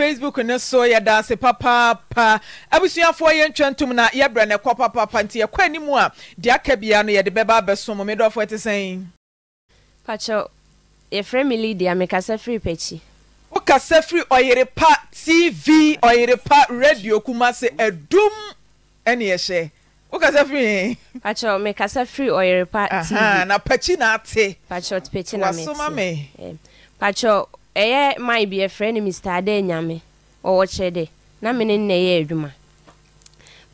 facebook ne so yɛda ase papaapa abusuafoɔ yɛntwa ntom na yɛbrɛ ne kɔ papaapa nti yɛkɔ anim a deɛ aka bia no yɛde bɛba abɛsom me dɔfoɔ te sɛn pakyɛ yɛfrɛ me lydia mekasa firi pɛkyi wokasa firi ɔyere pa tv ɔyere pa radio kuma se adum ɛne yɛhyɛ wokasa firi pakyɛ mekasa firi ɔyere pa tv na pɛkyi na ate pakyɛ pɛkyi na mete wasoma me pakyɛ ɛyɛ mae bi ɛfrɛ no mr ade nyame ɔwɔ kyerɛ na me ne nna adwuma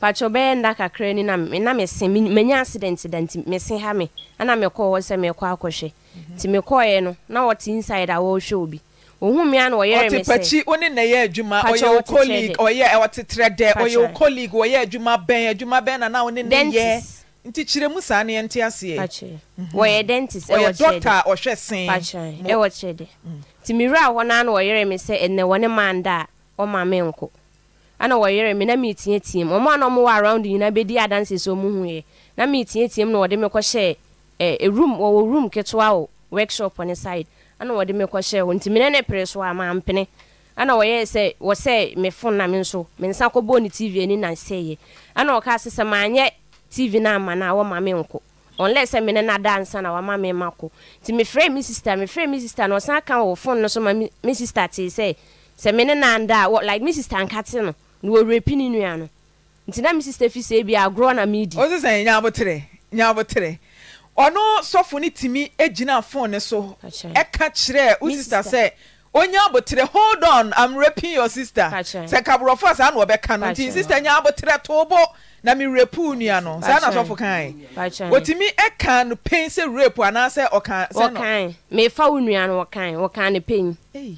pakyɛ bɛyɛ nda kakra ni na mese manya accident da nti mese ha me ana mekɔɔ hɔ sɛ mekɔ akɔhwɛ mhm. nti mekɔɔeɛ na wɔte inside a wɔrehwɛ obi ɔyɛ na ɛyɛ adwuma ɔyɛ wo colleague ɔyɛ ɔtetrɛ dɛ ɔyɛ wo colleague nti kyerɛ mu saa neɛ nte aseɛ mhm. wɔyɛ dentist ɛwɔ kyerɛ de dɔkta ɔhwɛ sen ɛwɔ kyerɛ de mm. nti mewura hɔ naa na wɔyere me sɛ ɛnɛ wɔne manda a ɔma me nko ana wɔyere me na meteateam ɔmo a na ɔmo wɔ around nyinaa bɛdi adanse sɛ ɔmo huiɛ na meteateam na wɔde me kɔhyɛ ɛ eh, room wɔwɔ room ketewa o workshop ne side ana wɔde me kɔhyɛ hɔ nti mene ne pere so a mampene ana wɔyɛ sɛ wɔsɛ me fon na me nso me nsa kɔbɔɔ ne tv ani na nsɛeɛ ana ɔka ase tv no ama no a wɔma me nkɔ ɔnlɛ sɛ mene no da ansa na wama me ma kɔ nti mefrɛ me sister mefrɛ me sister na ɔsan ka wɔ phone no so ma me sister tee sɛ sɛ mene no anda a like me sister nka te no na wɔwerɛpi ne nua no nti na me sister fi sɛ bi agorɔ na meedi ɔse sɛ nya abotere nya abotere ɔno sɔfo no tumi e gyina phone no so ɛka e kyerɛ wo sister sɛ onye abotire hold on i'm raping your sister sɛ kaborɔfo a saa na wɔbɛka no nti sister nye abotire to bo na mi rapu nua no saa na sɔfo kan wotumi ɛka no pain sɛ rape anaasɛ ɔka sɛ no ɔkan mefa wo nua no ɔkan ɔkan ne pain. ee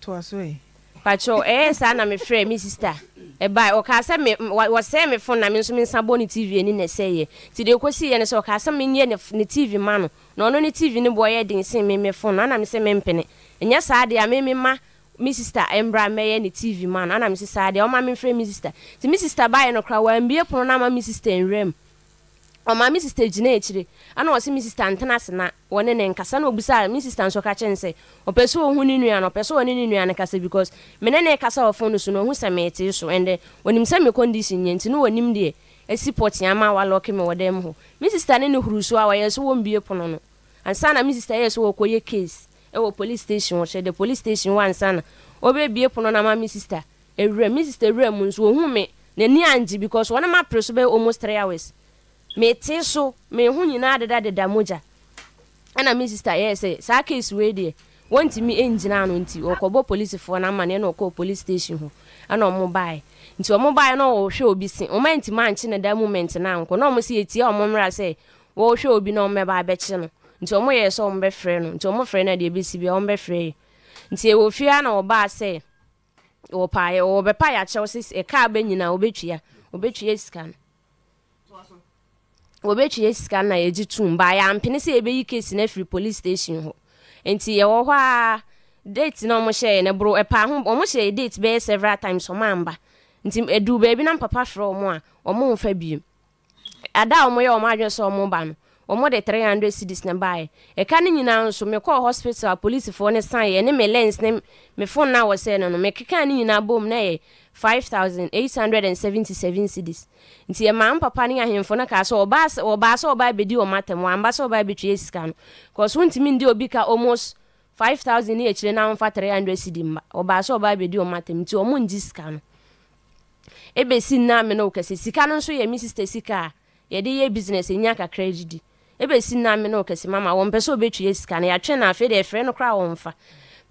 to aso yi. patrɔ ɛyɛ saa na mefrɛ me sister ɛbae ɔkaa sɛ wɔsɛe me fo na mi nso mensa bɔ ne tv ni na ɛsɛeɛ nti kosi ɛkɔsiiɛ no sɛ ɔkaa sɛ menyɛ ne tv ma no na ɔno ne tv no bɔyɛ den sen mi me fo no ana me sɛ mempene ɛnyɛ saa deɛ a memema me sister mbra mɛyɛ ne tv man ana me sister adeɛ ɔma me mfrɛ me sister nti me sister baayɛ no kora wambie pono no ama me sister nwuram ɔma me sister gyina akyire ana ɔse me sister ntena ase na wɔne ne nkasa na obusa me sister nso ka kyɛn sɛ ɔpɛ sɛ ɔhu ne nua no ɔpɛ sɛ ɔne ne nua no kasa because mene ne kasa wɔ phone so no ɔhu sɛ meetee so ɛndɛ ɔnim eh, sɛ me condition nyɛ nti ne wɔnim deɛ asi pɔte ama walɔke me wɔ dɛm hɔ me sister ne ne huru so a wɔyɛ so wɔmbie pono no ansa na me sister yɛ so wɔkɔyɛ case ɛwɔ police station wɔ hyɛ de police station wa nsa na ɔbɛbie pono na ma mi sista ewura mi sista ewura mu nso ohun mi n'ani angye because wɔn ma pere so bɛ almost three hours mi ti so mi nyinaa deda deda mogya ɛna mi sista yɛ sɛ saa case wei deɛ wɔn ti mi ɛngyina ano nti ɔkɔbɔ polisifoɔ n'ama ne ɛna ɔkɔ police station ho ɛna ɔmo na ɔhwɛ obi si ɔmo ɛnti ma na moment na na ɔmo si etia ɔmo mmra sɛ wɔhwɛ obi na ɔmo ɛba abɛkye nti ɔmo yɛ sɛ ɔmo bɛfrɛ no nti ɔmo frɛ no deɛ ɛbɛsi bia ɔmo bɛfrɛ yɛ nti ɛwɔ fie a na ɔbaa sɛ wɔpaeɛ wɔbɛpa yɛ akyɛw sɛ ɛkaa bɛnyina wɔbɛtua wɔbɛtua sika no wɔbɛtua sika no na yɛgye tom baa yɛampene sɛ yɛbɛyi kesi no afiri police station hɔ nti yɛwɔ hɔ a date na ɔmo hyɛɛ no boro ɛpa ho ɔmo hyɛɛ date bɛyɛ several times ɔmo amba nti edu baabi na mpapa frɛ ɔmo a ɔmo nfa biem ada a ɔmo yɛ ɔmo adwene sɛ ɔmo ba no wɔn de three hundred cedis na baayɛ ɛka no nyinaa nso mekɔɔ hospital a polisifoɔ ne san yɛ ne me lens ne me phone na wɔsɛ no no mekeka no nyinaa bom na yɛ five thousand eight hundred and seventy seven cedis nti ɛmaa mpapa ne ahemfo no kaa sɛ ɔbaa ɔbaa sɛ ɔbaa bɛdi wɔn atɛm wɔn amba sɛ ɔbaa bɛtwie sika no kɔso ntumi ndi obi ka almost five thousand ne akyire na wɔmfa three hundred cedi mba ɔbaa sɛ ɔbaa bɛdi wɔn atɛm nti wɔn ngyi sika no ebesi nna mi no kɛse sika no nso yɛ mi sista sika a yɛde yɛ business enya kakra gyi ebesi na ame na ɔkɛse mama wɔn mpɛ sɛ obetwi esika na yɛatwe na afei deɛ ɛfrɛ no koraa wɔn fa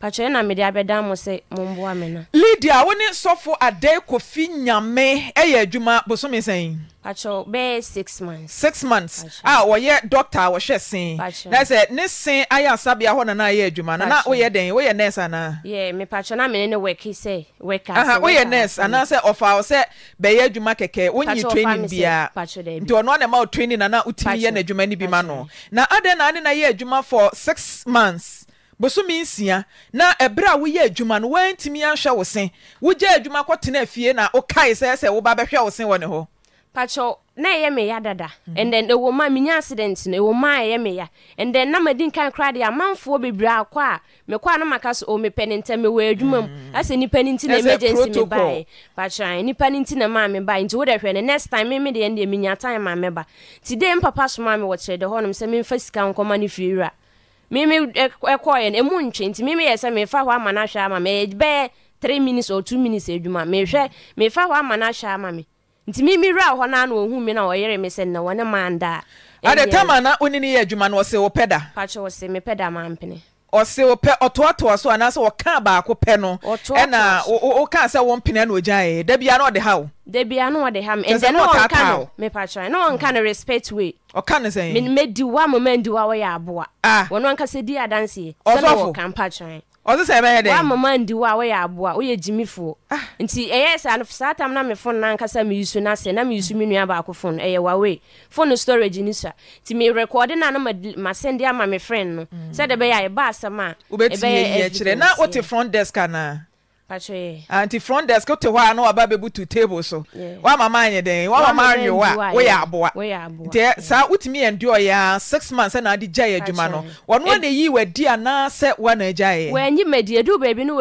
pakyerɛ na mede abɛda mo sɛ momboa me no lydia wo ne sɔfo adai kofi nyame ɛyɛ adwuma bosome sɛn pakyɛw bɛyɛ six months six months a ah, wɔyɛ dɔkta doctor, wɔhwɛ sen na sɛ ne sen ayɛ asabea hɔ nana ayɛ adwuma no na woyɛ den woyɛ nurse anaa yɛ mepakyɛ na mene ne wɔki sɛ wɔka woyɛ nurse anaasɛ ɔfa wo sɛ bɛyɛ adwuma kɛkɛ wonyi training biaa nti ɔno ana ma wo training ana wotumi yɛ no adwuma no bi ma no na training. na ade na yɛ adwuma for six months bosome nsia na ɛberɛ a woyɛ adwuma no woantumi anhwɛ wo se wogya adwuma kɔtena afie na wokae sɛ sɛ woba bɛhwɛ wo se wɔ ne hɔ pakyɛ na ɛyɛ me ya dada ɛndɛn ɛwɔ mu a menya accident no ɛwɔ mu ɛyɛ me ya ɛndɛn na madi nkan koraa deɛ amanfoɔ bebree akɔ a mekɔ a na maka so o oh, mepɛ ne ntɛm mewɔ adwuma mu mm. asɛ nnipa no nti na emergency mebaeɛ pakyɛ nnipa no nti na maa mebae nti wodɛ hwɛ no next time meme deɛ ndeɛ menya time a mɛba nti dɛ mpapa somaa me wɔkyerɛ dɛ hɔnom sɛ memfa sika nkɔma no fie wura mimi ɛkɔɔyɛ no ɛmu ntwe nti mimi yɛ sɛ mefa hɔ ama no ahwɛ ama me bɛyɛ three minutes or two minutes adwuma e mehwɛ mefa hɔ ama no ahwɛ ama me nti mimi wura hɔ no ana ɔhu me na ɔyere me sɛ nnɛ wɔne mandaa ade tama na wone ne yɛ adwuma no ɔse wopɛ da pakyɛ wɔ se mepɛ da mampene ɔsi ɔpɛ ɔtoatoa so anaasɛ ɔka baako pɛ no ɛna ɔka sɛ wɔn pina na ɔgya yɛ dɛbi ano ɔde ha o. dɛbi ano ɔde ha mi ɛdɛ na ɔnka no mipatrɛ na ɔnka no respect way. ɔka no sɛn. mɛ diwa mo mɛ diwa wɔyɛ aboa. a ah. wɔn ankasa di adansi. ɔsɔfo sɛ na wɔka mpatrɛ ɔsɛ sɛ ɛbɛyɛ dɛ wa mama ndi wa a woyɛ aboa woyɛ fo. Ah. nti ɛyɛ sɛ ano saa tam na mi fon na ankasa me yusu na sɛ na me yusu me nua baako fon ɛyɛ wawe fon storage ni so a nti me rekɔde na no ma sɛnde ama me friend no mm. sɛ de bɛyɛ a ɛba asɛm a wobɛtumi yɛ kyerɛ na wote front desk anaa Ah, nti frondesk to hɔ a na waba bɛbuto table so woama many de woma mao a woyɛ aboanisaa eh, wotumi yɛndeɔyɛ a smnth nade gyaeɛ adwuma no ɔno wane yi wadi anaasɛ woanagyaɛmdido baabi na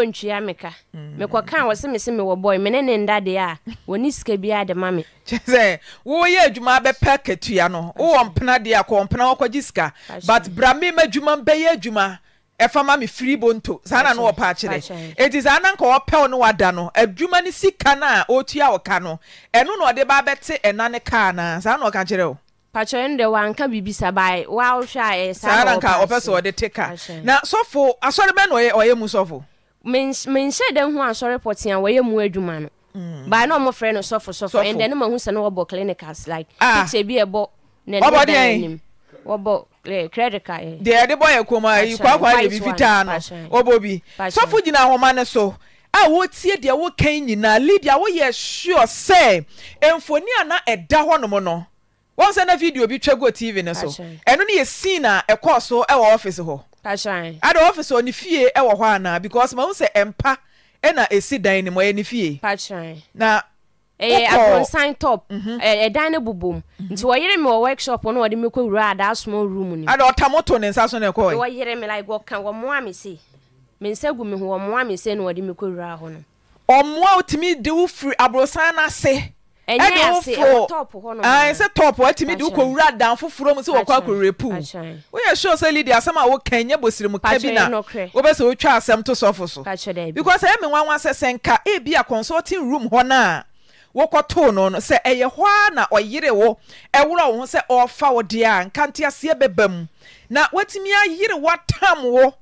mekaasɛ woɔ yɛ adwuma bɛpɛ katua no wowɔ mpenadeɛ akɔɔmpena wkgye sika but bra mema adwuma mbɛyɛ adwuma ɛfa ma mi firi bonto saa na no wɔpa akyerɛ enti saa na nka wɔpɛw no wada no adwuma no sika no a ɔtua ɔka no ɛno na ɔde ba bɛte ɛna ne kaa naa saa na ɔka kyerɛ o patwɛn de wanka biribi sabae wawhwɛ a saa na nka ɔpɛ sɛ ɔde te ka na sɔfo asɔre bɛ na ɔyɛ ɔyɛ mu sɔfo menhyɛ dɛ ho asɔre pɔte wɔyɛ mu adwuma no mm. baa na ɔmo frɛ no sɔfo sɔfo ɛndɛ ne ma hu sɛ no wɔbɔ clinicals like ah. picture bi ɛbɔ ne ne bɛn Eh, eh. deɛ ɛde bɔ yɛ koma iwaa kwa dye bi fitaa no ɔbɔ bisɔfo gyina homa ne so a wɔtie deɛ wokan nyinaa lidia woyɛ heɔ sɛ mfonini ana ɛda hɔ no mo no wɔhu sɛ na video bi twɛ go tv no so ɛno ne yɛsii na ɛkɔɔ so wɔ ɔfice hɔ ade ɔfice hɔ ne fie wɔ hɔ anaa because mahu sɛ ɛmpa na ɛsi dan no m ɔyɛ ne fie n ɛyɛ eh, akonsan top ɛdan mhm. eh, eh, ne bobom mhm. nti wɔyere mi wɔ workshop no wɔde mi kɔ wura ada small room ni. ada ɔta moto ne nsa so na ɛkɔ yi. wɔyere mi like wɔka wɔmoa mi se mi nsa gu mi ho wɔmoa mi se na wɔde mi kɔ wura hɔ no. ɔmoa otumi de wo firi aborosan n'ase. ɛnyɛ ase ɛwɔ top hɔ nom. ɛn sɛ top hɔ ɛtumi de wo kɔ wura dan foforɔ mu sɛ wɔkɔ akɔ repu. woyɛ sure sɛ lidi asɛm a woka nye bosirimu ka bi na wobɛ sɛ wotwa asɛm to sɔfo so. because ɛyɛ mi nwanwa sɛ sɛ nka ebi a consulting room hɔ naa. wokɔtoo no no sɛ ɛyɛ hɔ a na ɔyere wo ɛworɔ wo ho sɛ ɔrɔfa wo deɛ a nkanteaseɛ bɛba mu na woatumi ayere woatam wo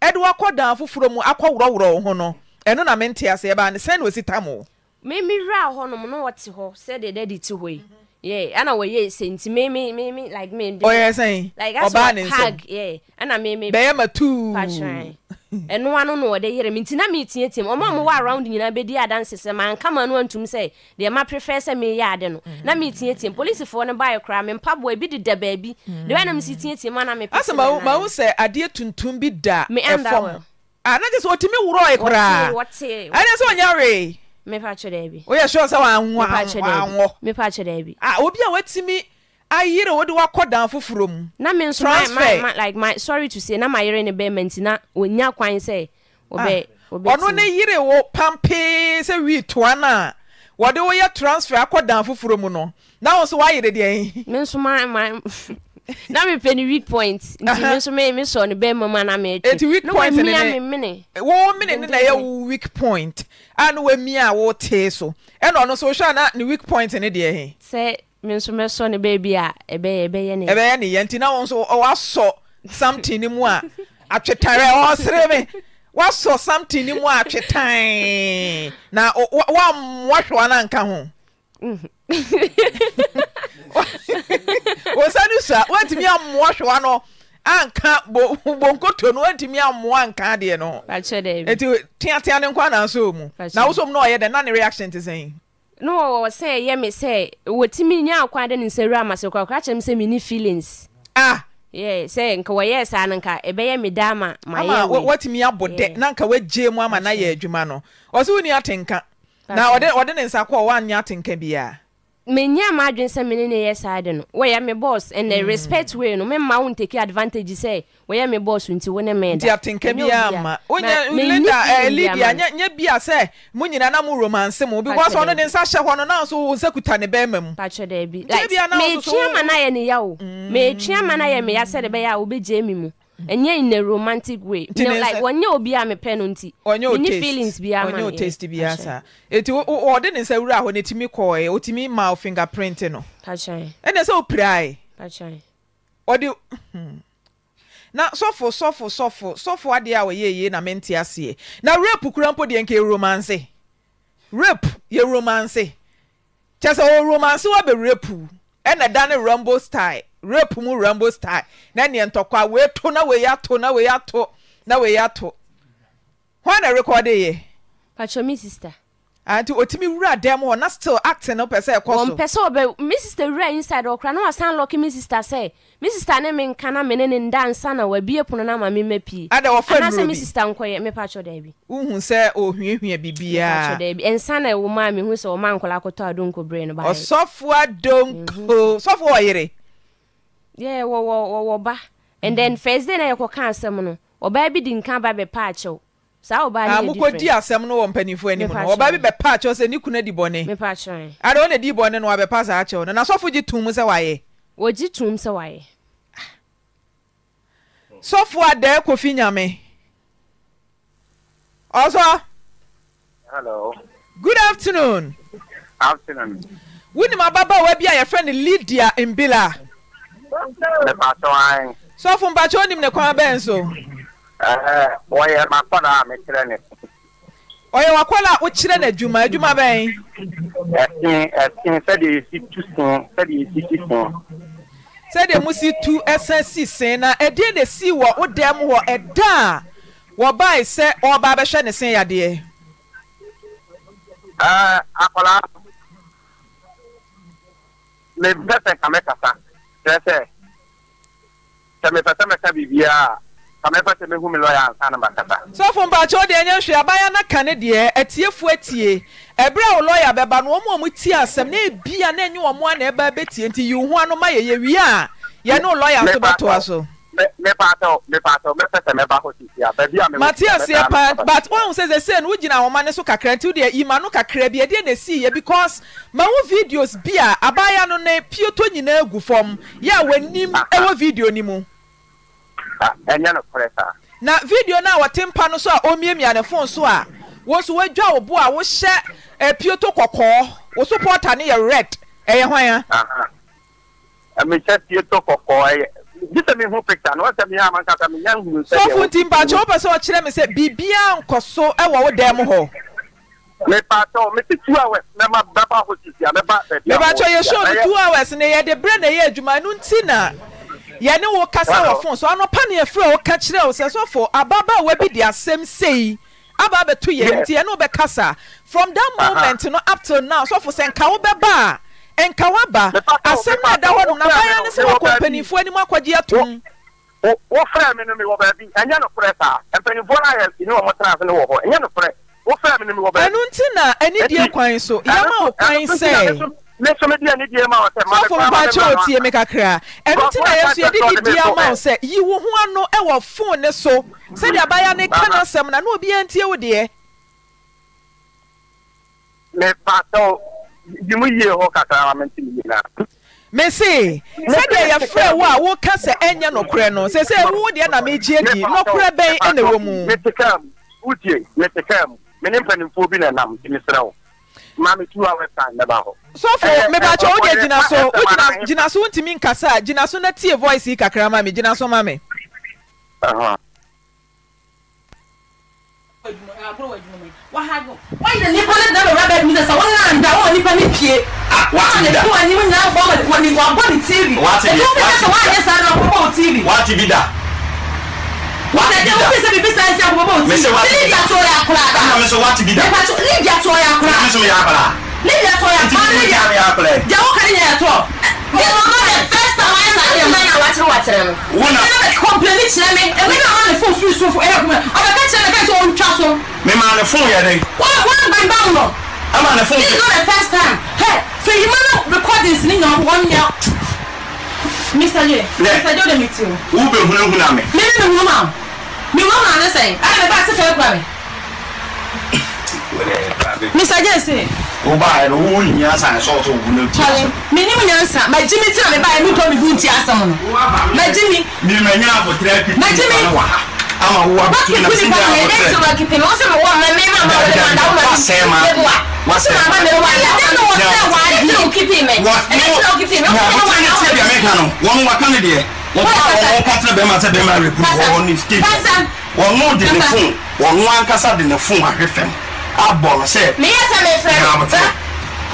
ɛde woakɔ dan foforɔ mu akɔ worɔworɔ wo ho no ɛno na mente aseɛ baa ne sɛn na ɔsi tam wo memewerɛ a hɔnom na wɔte hɔ sɛdeɛ dɛ de ti hɔ yi yeah ɛna wɔyɛ senti me me me me like me. ɔyɛ sɛn ɔbaa ne nsɛm like that's hag yeah ɛna me me. Mm. bɛyɛ mm. mm. ma tuu patran ɛnoa no no wɔde yɛrɛ mi nti na mi tie tie mu ɔmo a mo wɔ around nyinaa bɛdi adansi sɛ maa nka ma no antum sɛ deɛ ma prefer sɛ mi yɛ ade no na mi tie tie mu polisifoɔ no baayɛ koraa mi mpaboa ebi deda baabi deɛ wɔn anam si tie tie mu ana mi pese na na. asɛ maawu sɛ adeɛ tuntum bi da ɛfɔm anagye sɛ otimi wurɔ yi koraa ɛna sɛ onyare mepa kyerɛ daabi woyɛ sure sɛ wanwɔ mepa kyerɛ daabi a ah, obi a watumi ayere wode wakɔ dan foforɔ mu na me nso like my sorry to say na mayere ne bɛrima nti na ɔnya kwan sɛ ɔbɛ ah, ɔno ne yere wo pampee sɛ wii toa no a wɔde woyɛ transfer akɔ dan foforɔ mu no na wo nso woayere deɛ me nso ma na mepɛ ne weak point nti me uh-huh. nso me mesɔ ne bɛrima mu a na meɛtwi na wɔmia me mene wo mene ne na ɛyɛ weak point a na wami a wotee so ɛna ɔno nso wohwɛ na ne weak point ne deɛ he sɛ me nso mɛsɔ no baabi a ɛbɛyɛ ɛbɛyɛ ne ɛbɛyɛ ne yɛ nti na wɔn nso wasɔ something ne mu a atwetarɛ ɔsere me wasɔ something ne mu a atwetan na wammoa hwɛwa mm-hmm. no anka ho wɔ sa no sua woantumi ammoa hwɛwa no anka bonkoto no wantumi ammoa anka adeɛ no ho ɛnti teatea ne na nanso mu na wosom na ɔyɛ dɛn na ne reaction te sɛn na wɔwɔ sɛ ɛyɛ me sɛ wɔtumi nya akwan de ne nsa wura amase korakora kyerɛ m sɛ mini feelings ah yeah, sɛ nka wɔyɛɛ saa no nka ɛbɛyɛ me daa ma mayɛwatumi abɔ dɛ na nka woagyee mu ama na yɛ adwuma no ɔsɛ wonni atenka na ɔde ne nsa kɔ a woanyɛ atenka biaa menyɛ ma adwene sɛ mene ne yɛ saa de no wɔyɛ me boss and mm. respect way no mema wo ntake advantage sɛ wɔyɛ me boss nti wo ne meda nti atenka bi ama wonya leader leader nyɛ bi a sɛ mo nyina na mo romance mu because ɔno ne nsa hyɛ hɔ no nanso wo nsa kuta ne bɛrima mu pakyɛ daabi like meetua ma no ayɛ ne ya o mm. ma no ayɛ me ya sɛ de bɛyɛ a wobɛgye mi mu ɛnyɛ mm-hmm. in a romantic way You know, like wɔnyɛ obi a mepɛ no nti ɔnyɛ feelings bi ama ɔnyɛ taste bi asa eti ɔde ne nsa wura hɔ n'etimi o timi ma fingerprint no ɛna sɛ opira yɛ ɔde na sɔfo sɔfo sɔfo sɔfo adeɛ a wɔyɛ yie na mente aseɛ na rape kura mpo deɛ nka romanse rape yɛ romance. kyɛ sɛ wɔ romanse wa bɛ rape ɛna da rumble style rape mu rambo style na neɛ ntɔkwa wei to na wei ato na wei ato na wei ato hɔn na rekɔde yɛ. patro mi sista. anti otimi wura dɛm hɔ na still acting no pɛ sɛ ɛkɔ so. wɔn pɛ sɛ ɔbɛ mi sista wura inside ɔkura na wasan lɔki mi sista sɛ mi sista ne mi nka na mi ne ne ndansa na wabie pono na maame mɛ pie. ada wɔfɛ nuro bi anase mi sista nkɔyɛ mi patro dɛbi. nhun sɛ ohwiehwie bibiara. mi patro dɛbi nsa na ɛwɔ mu a mi hu sɛ ɔma nkɔla akɔtɔ adonko bere no ba. ɔsɔfo adonko mhm. sɔfo ɔyere yeah wɔwɔ wɔwɔ ba and then first mm-hmm. day na yɛ kɔ ka asɛm no ɔbaa bi di nka ba bɛpa akyɛw saa ɔbaa ah, yɛ different amukɔ di asɛm no wɔ mpanyinfoɔ anim no ɔbaa bi bɛpa akyɛw sɛ ne kuna di bɔne mepa akyɛw ade wɔn na di bɔne no wabɛpa saa akyɛw no nasɔfo gye tum sɛ wayɛ wɔgye tum sɛ wayɛ sɔfo adɛ kofi nyame ɔsɔ. hello. good afternoon. afternoon. wunim ababaawa bi a yɛfrɛ no lydia mbila sɔfo mpakye onim ne kwan bɛn so wɔyɛ makɔda a mekyerɛ ne ɔyɛ wakɔda a wokyerɛ no adwuma adwuma bɛn ɛsen ɛsen sɛdeɛ yɛsi tu sen sɛdeɛ yɛsi si sen sɛdeɛ mo si tu ɛsɛn si sen na ɛdeɛ na esi wɔ wo dan mu hɔ ɛda a wɔbae sɛ ɔreba abɛhwɛ ne sen yadeɛ akwadaa mebɛ sɛ ka mɛkasa kyerɛ sɛ sɛ mepɛ sɛ mɛka biribiaa a mɛpɛ sɛ mehu me lɔya ansa na makasa sɔfo mpakyɛ wode ɛnyɛ hwɛ abaya na ka ne deɛ atiefoɔ atie ɛberɛ a wo lɔya bɛba no wɔm a motie asɛm na ɛbia na ɛnyɛ wɔ mo a na ɛba bɛtie nti yiw ho ano ma yɛyɛwie a yɛne wo lɔya so bɛtoa so matias yɛ paa but ohun sɛ sɛsɛ no wogyina ahoma ne so kakra nti wodeɛ yima no kakra bi ɛdeɛ na ɛsii yɛ because ma wo videos bi a abaayewa no ne pioto nyinaa gu fam yɛ a w'anim ɛwɔ video no mu na video na a wɔte mpa no so a ɔmiamia ne fon so a wɔn so wɔadwa wo bo a wohyɛ eh, pioto kɔkɔɔ wo so pɔɔta no yɛ red ɛyɛ hwan a ɛmehyɛ pioto kɔkɔɔ ɛyɛ gisa mi ho picture na ɔsɛ mi yɛ aman kasa mi yɛ nhuru sɛ deɛ sɔfo ti mpatsɛ o pɛ sɛ ɔkyerɛ mi sɛ biribiara nkɔ so ɛwɔ wo dan mu hɔ. mipatsɛ mi ti two hours mɛma bɛba ho sisi a mɛba bɛbi awɔ mipatsɛ yɛ show mi two hours na yɛ de brɛ na yɛ adwuma ɛnu ti na yɛne wo kasa wɔ fon so anɔpa na yɛfrɛ wo ka kyerɛ wo sɛ sɔfo ababaawa bi de asɛm sei aba abɛto yɛn ti yɛne wo bɛkasa from that moment uh-huh. no up till now sɔfo sɛ nka wo bɛba a nka waba asɛm no ada hɔ nom na baya ne sɛ wɔkɔ mpanimfoɔ anim akɔgye atom wofrɛ me no me wɔ baabi ɛnyɛ nokorɛ saa mpanimfoɔ no ayɛ ne wɔ mɔtena ase no wɔ hɔ ɛnyɛ nokorɛ wofrɛ me no me wɔ baabi ɛno nti na anidie kwan so yɛma wo kwan sɛ sɔfo mpaakyɛ otie me kakra ɛno nti na yɛso yɛde didi ama wo yi wo ho ano e wɔ fon ne so sɛdeɛ mm-hmm. abaya ne ka no asɛm na na obiaa ntie wo deɛ mepatɔ di mu yie hɔ kakra ma nti mi nyinaa. mesi sɛdeɛ yɛfrɛ wo a woka sɛ ɛnyɛ nɔkorɛ no sɛ sɛ wo deɛ na megye di nɔkorɛ bɛn ɛna ɛwɔ mu mete kaa mu wotie mete kaa mu mene mpanimfoɔ bi na ɛnam nti mesrɛ wo ma me two hours time bɛba hɔ sɔfo mebakyɛ wode gyina so wogyina gyina so wontumi nkasa gyina so na tie voice yi kakra ma me gyina so ma me wáyé nípa ní dábẹ̀ rẹ́ bẹ́ẹ̀ mi sẹ́sẹ̀ wọ́n náà ń da wọ́n nípa ní pie. wọ́n ti da wọ́n ní wọ́n náà gbọ́ wọ́n ní wọ́n gbọ́ ní tíìrì. wọ́n ti bi da ètò wọ́n yẹ sáré lọ pọ́pọ́ tíìrì. wọ́n ti bi da. wọ́n ti bi da wọ́n fi sẹ́bi bí sáré sí àpò pọ́pọ́ tíìrì. lídìí àtọ́ yà kúrà dá. ẹ̀ka mi sọ wọ́n ti bi da. lídìí àtọ́ yà kúrà. lídìí àtọ́ yà kúrà. lídìí àtọ́ yà kúrà. This one not the first time I saw the man I was in water. One of the complaint is me. And when I'm on the phone, free phone for help. I'm a catch and I catch on trust. Me man, the phone here. What what by Bango? I'm on the phone. This is not the first time. Hey, so you man recordings in on one year. Mr. J. Mr. J. the meeting. Who be who who na me? Me me who ma. Me who ma na say. I be back to help me. Mr. J say o ba yɛrɛ o ni nyansa yɛ sɔɔ sɔɔ wuli ti asɛm. mi ni mu nyansa mɛ jimi ti na mi ba yɛ mi kɔ mi dun ti asɛm no mɛ jimi. mi mɛ n y'a fɔ tɛrɛ pipi ni wa ama wo wa pipi na si ni a ko tɛrɛ. wa pipi ni wa sɛ ma wa mɛ mɛ ma ma wɛrɛ ma da o ma pipi bɛ wa. wa sɛ ma ma mɛ wa yɛ ne ni wa sɛ wa di o kipi mɛ ne ni o kipi mɛ o kipi wa na o yɛ. wɔn wa kan ne deɛ wɔn ba wɔn ka tɛ bɛn ma tɛ bɛn ma report wɔn ni stage wɔn n'o de ne fun wɔn n'o ankasa de ne fun ahwɛ fɛn. abɔlɔ sɛ nyamutɛ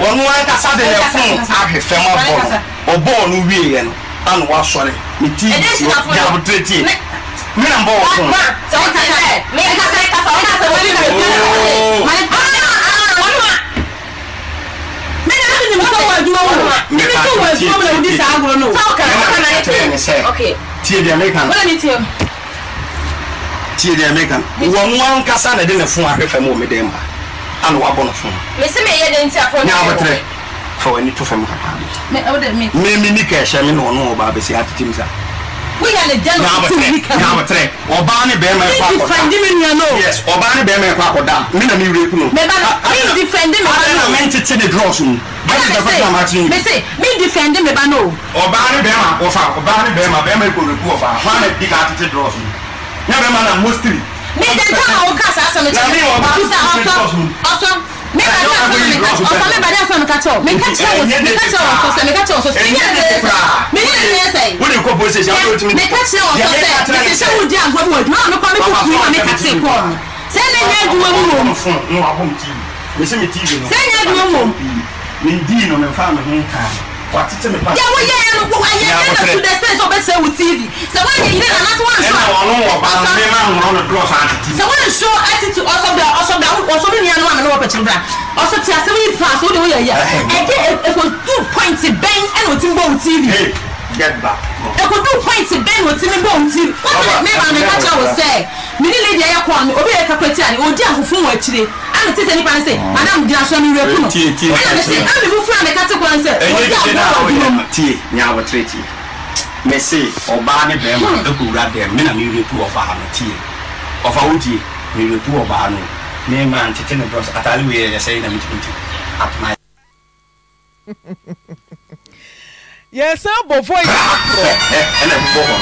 wɔn ankasa de ne fun ahwɛ fɛn ma bɔlɔ ɔbɔɔ no wie yɛ no anu wasɔre ne ti yi nyamutɛ tie mi na bɔ wɔ fun. tie tie deɛ tie deɛ meka wɔ mo ankasa na de ne fo ahwɛ fam wɔ me dan mba ana wabɔ no fo ne abotrɛ fa w'ani to fam kakra me menni ka ɛhyɛ me ne ɔno ɔba bɛsi atetem sa nyabotrɛ ɔbaa ne bɛrima ɛkɔ akɔda ɔbaa ne bɛrima ɛkɔ akɔda me na me wire kuno na mentete ne drɔs mu mese mi defend me ba no. ɔbaa ne bɛrima akɔfa ɔbaa ne bɛrima bɛrima ekɔ reku ɔfa hɔn na di ka atete drɔs mu nyɛ bɛrima na mostiri. ní dẹ́ntà àwọn kásá sọ̀rọ̀ tí wọ́n bá ọ̀sán ọ̀sán ọ̀sán mi ka tí a sọ̀rọ̀ mi ka ọ̀sán mi bàdé àsọ̀rọ̀ mi ka tí ọ̀ mi ka tí ọ̀ mi ka tí ọ̀ sọ̀sẹ̀ mi ka tí ọ̀ sọ̀sẹ̀ mi yẹn lè sẹ̀ mi yẹn lè sẹ̀. wọ́n lè kó bó ṣe ṣe àwọn olùtí mi. mi ka tí ọ̀ sọ̀sẹ̀ mi ti ṣe wùdí àgbo mi wọ̀dí náà nípa mi kò fún wa mi ka tí kọ́ ọ̀nà sẹ́ni yẹn dùn mí wò. sẹ́ni yẹn dùn mí wò. mi dì watete me pass. yàwó yẹ ẹnu wọ ayé ẹnu to the stage ọbẹ sẹ wù tv sẹ wọn yẹ yìí nana tí wọn nsọ. ẹnna wọn wọ ba na mi ma wọn na dúró sa atiti. sẹ wọn nsọ atiti ọsọ bẹ ọsọ bẹ ọsọ bẹ nìyẹn wọn wọ pẹtrẹ bra ọsọ tí a sẹ wọn yìí pass ó de wọn yẹ yẹ ẹdí èkó two point bẹ́ẹ̀ ẹnna o ti ń bọ̀ wù tv get back. Ekodu point bẹ́ẹ̀ ni o ti ní bóun ti wọ́n ti ní ma mi kájà wò sẹ́ẹ̀ mi ní lady ẹ̀yẹ kọ́ mi obi yẹ kakọ ti àná òdi àfùfù wọn akyire àná ti sẹ nípa ẹsẹ madam di aṣọ mi rẹ kú nù ẹnna mi sẹ ẹnna mi fún fúnra kájà kọ́ ẹsẹ òdi àbúrò ọdún mọ. tie tie mẹ sẹ ọbaa ní bẹ́ẹ̀ mọ ẹkọ wura dẹ̀ mí na mi rẹ tu ọfà àná tie ọfà ó tie mi rẹ tu ọbaa nù ní ma tètè ní bros àtàlẹ́ wẹ̀ ẹ̀yẹ eh, sẹ́yìn na mi mi ti àtúmáyé yɛsɛ bɔfo yi afrɔ ɛnɛ bɔfo hɔ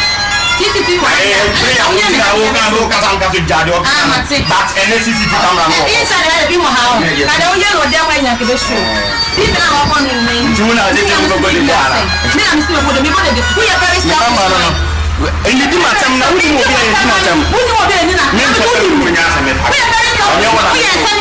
cctv wa ɛɛ ɛɛ ɔmu ti na wo kan wo kasa nka so jaade ɔmu ti na but ɛnɛ cctv camera nɔ. ɛyin sani ɛyɛ bi mɔ ha o kada o yɛlɛ o dɛ wa yan kebe su bi bɛn awɔ kɔ ninnu mɛ. jumu na ale tɛ mɔgɔ de bɔ a la. ne y'a misi bɛ bɔ de mi bɔ de de k'u yɛ bɛɛ bɛ se aw ma. ɛyɛ di ma tɛm na wuli wo bɛ yen di ma tɛm. wuli wo bɛ yen ni na. ne tɛ se k'u ɲa sɛmɛ. k'u yɛ bɛɛ bɛ se aw ma. k'u yɛ sani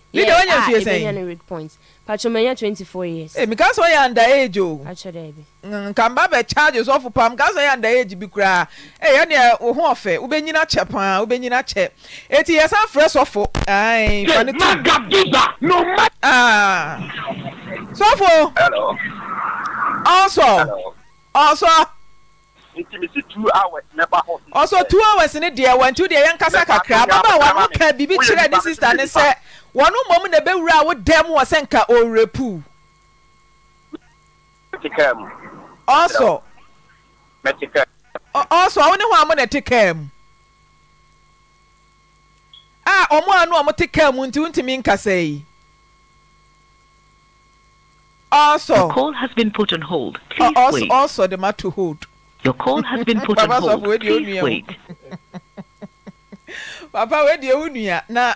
leader wọn yẹ fi ẹsẹ yìí. ebe yẹn ah, red point pàtó mẹ yẹn twenty four years. èmi ká sọ yẹ under age o. akyẹ dẹ bi. nkàmbá bẹ charge sọfù pam ká sọ yẹ under age bi koraa ẹ yẹn ni ohun ọfẹ wọbẹ nyina kyẹ paa wọbẹ nyina kyẹ eti yẹ san fẹrẹ sọfọ. ṣe maga biza no ma. sọfọ. ọsọ ọsọ. ọsọ two hours ni deɛ wɔntu deɛ yɛn kasa kakra ababaawa no ka biribi kyerɛ ne sista ne sɛ. wɔn mmom na ebɛwura a wodam wɔ sɛ nka ɔrepu. mɛte kaa mu. ɔsɔ. ne ho amu na ɛte kaa mu. a wɔn anu a wɔte kaa mu nti ntumi nkasa yi. Also, your call has been put on hold. Please also, wait. Also, the matter hold. Your call has been put on hold. Please wait. Papa, where do you na?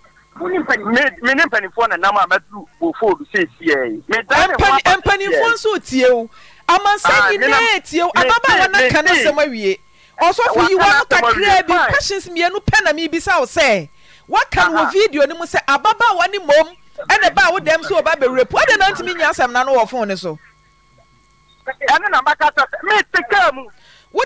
mene mpanimfoɔ na nam a mɛduru ofodu seesiɛ mpanimfoɔ nso tie o amansa nyinaa ah, tie o ababaawa no ka no sɛm awie ɔsɔfo yi wa no kakraa bi questions mmienu pɛ na mebisa o sɛ waka no wɔ video no mu sɛ ababaawa ne mmom ɛna ba a wo dɛm sɛ ɔba bɛwurapu adɛn na ntumi nya asɛm wɔ fone so ɛne na maka sɛ meteka mu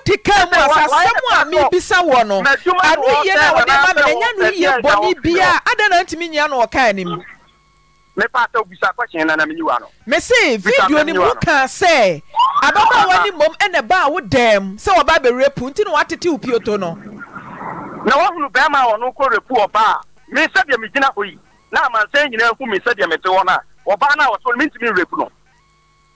wote kaa mu asa asɛm a mebisa wɔ no ano yie no a wode ma me na ɛnyɛ no yie bɔne biaa adɛn na ntumi nyia no ɔkaa anim mese video ne mu kaa sɛ ababaawa ne mmom ɛna ba a wo dɛm sɛ wɔba bɛwerɛ pu nti na woatete wo pioto no na wahunu bɛrima a ɔno kɔ repu ɔba a me sɛdeɛ megyina hɔ yi na amansa nyinaa hu me sɛdeɛ mete hɔ no a ɔbaa no a ɔtɔ no mentumi repu no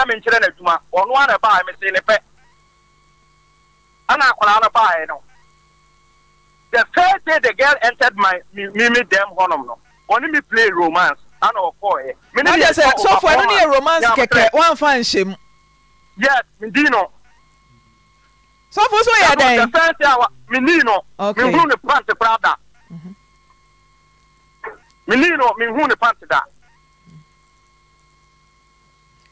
sɛ menkyerɛ no adwuma ɔno ara na ɛbaeɛ mese ne pɛ ana akwadaa no baeɛ no the first day the girl entered my mi mi dɛm hɔnom no ɔne me play romance ana ɔkɔɔɛ mene ne sɛ sɔfo ɛno ne yɛ romance kɛkɛ woamfa nhyɛ mu yes medi no sɔfo so yɛ dɛn the first day a meni no menhunu ne pant koraa da meni mhm. no menhunu ne pant da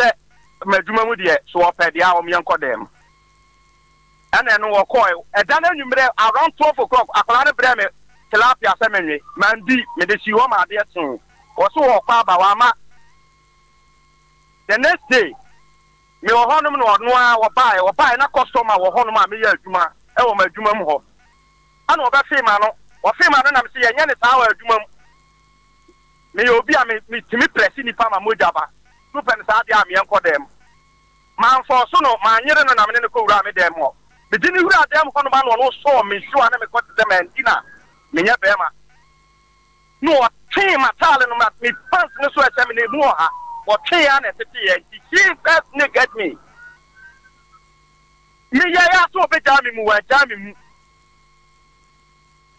sɛ madwuma mu deɛ so ɔpɛ deɛ a ɔmeɛ nkɔ dɛm ɛna ɛno wɔkɔe ɛda no anwummerɛ around twelve o'clock akwadaa no brɛ me tilapia sɛ menwe mandi mede sii hɔ ma adeɛ tee wɔso wɔkɔ aba wɔama the next day mewɔ hɔnom na ɔno a wɔbae na customer wɔ hɔnom a meyɛ adwuma ɛwɔ ma mu hɔ ɛna wɔbɛfee no no na mese yɛnyɛ ne saa wɔ adwuma mu meyɛ obi a metumi prɛse nnipa ma mogya ba su pɛn saa deɛ a meɛ nkɔ dɛm mamfɔ so no manyere no na mene no kɔwura me dɛm hɔ mede ne wura dɛm hɔ no ma na ɔno sɔɔ me nsuwa ne mekɔ te sɛ manti na menyɛ bɛrima na ɔtwee mataale no me pants ne so ɛkyɛ me na ɛmu ɔha ɔtwee a na ɛtete yɛ nti she first ne get me meyɛ yɛ aso ɔbɛgyaa me mu wɔagyaa me mu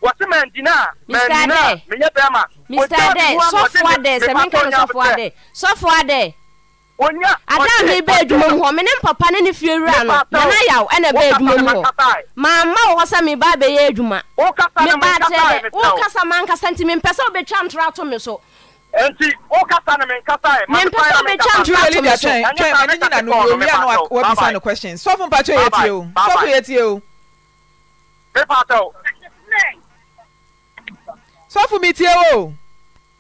wɔsi mɛndina mɛndina meyɛ bɛrima mr de sɔfo de sɛ menkɛ no sɔfo ade sɔfo ada ne bɛ adwuma mu hɔ me ne mpapa ne ne fie wura no nana yaw ɛna bɛ adwuma mu hɔ maama e. wɔ hɔ sɛ meba bɛyɛ adwuma meba kyerɛ e, dɛ wokasa mankasa nti mempɛ sɛ wobɛtwa ntora ato me so nti wokasa no menkasa e. mempɛ sɛ wobɛtwa ntora ato me so ɛne nyina no owia no wabisa no question sɔfo mpatwɛ yɛtie o sɔfo yɛtie o mepatɛ sɔfo metie o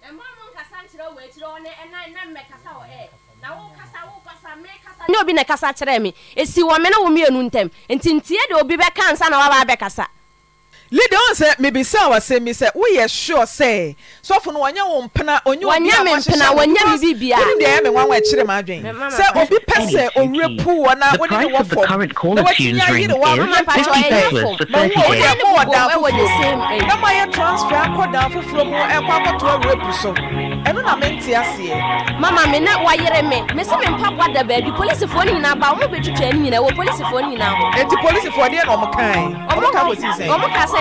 ɛma mo nkasa nkyerɛ wɔ akyirɛ ɔ ne ɛna mmɛkasa ne obi na kasa kyerɛ me esi wɔ me ne wo mmienu ntɛm nti ntie de obi bɛka nsa na waba kasa lady ɔn sɛ mibisa awase mi sɛ woyɛ sure sɛ sɔfo no wɔnyɛ wɔn mpena onye obi a wɔhyehyɛ mi bi bia wɔn deɛ ɛmɛ wɔn wɔn akyerɛ mu adwene sɛ obi pɛ sɛ owurɛ puu wɔn na wɔn de ne wɔ fɔm na wɔtumi ayi de wɔn ama pàṣẹ ɛyɛ fɔm na wɔn wɔn de ɛmu wɔ dan foforɔ na wɔn ayɛ transfer akɔ dan foforɔ mu ɛkɔ akɔto awurɛ pu so ɛno na mɛ nti aseɛ. mama mi na wɔyere mi mi si mi mpa bɔ da baabi polisifoɔ ni nyinaa ba wɔn bɛ twitwa ni nyinaa wɔ polisifoɔ ni nyinaa hɔ. eti polisifoɔ deɛ na wɔn kan yi wɔn kan wɔ sisan yi. wɔn kan sɛ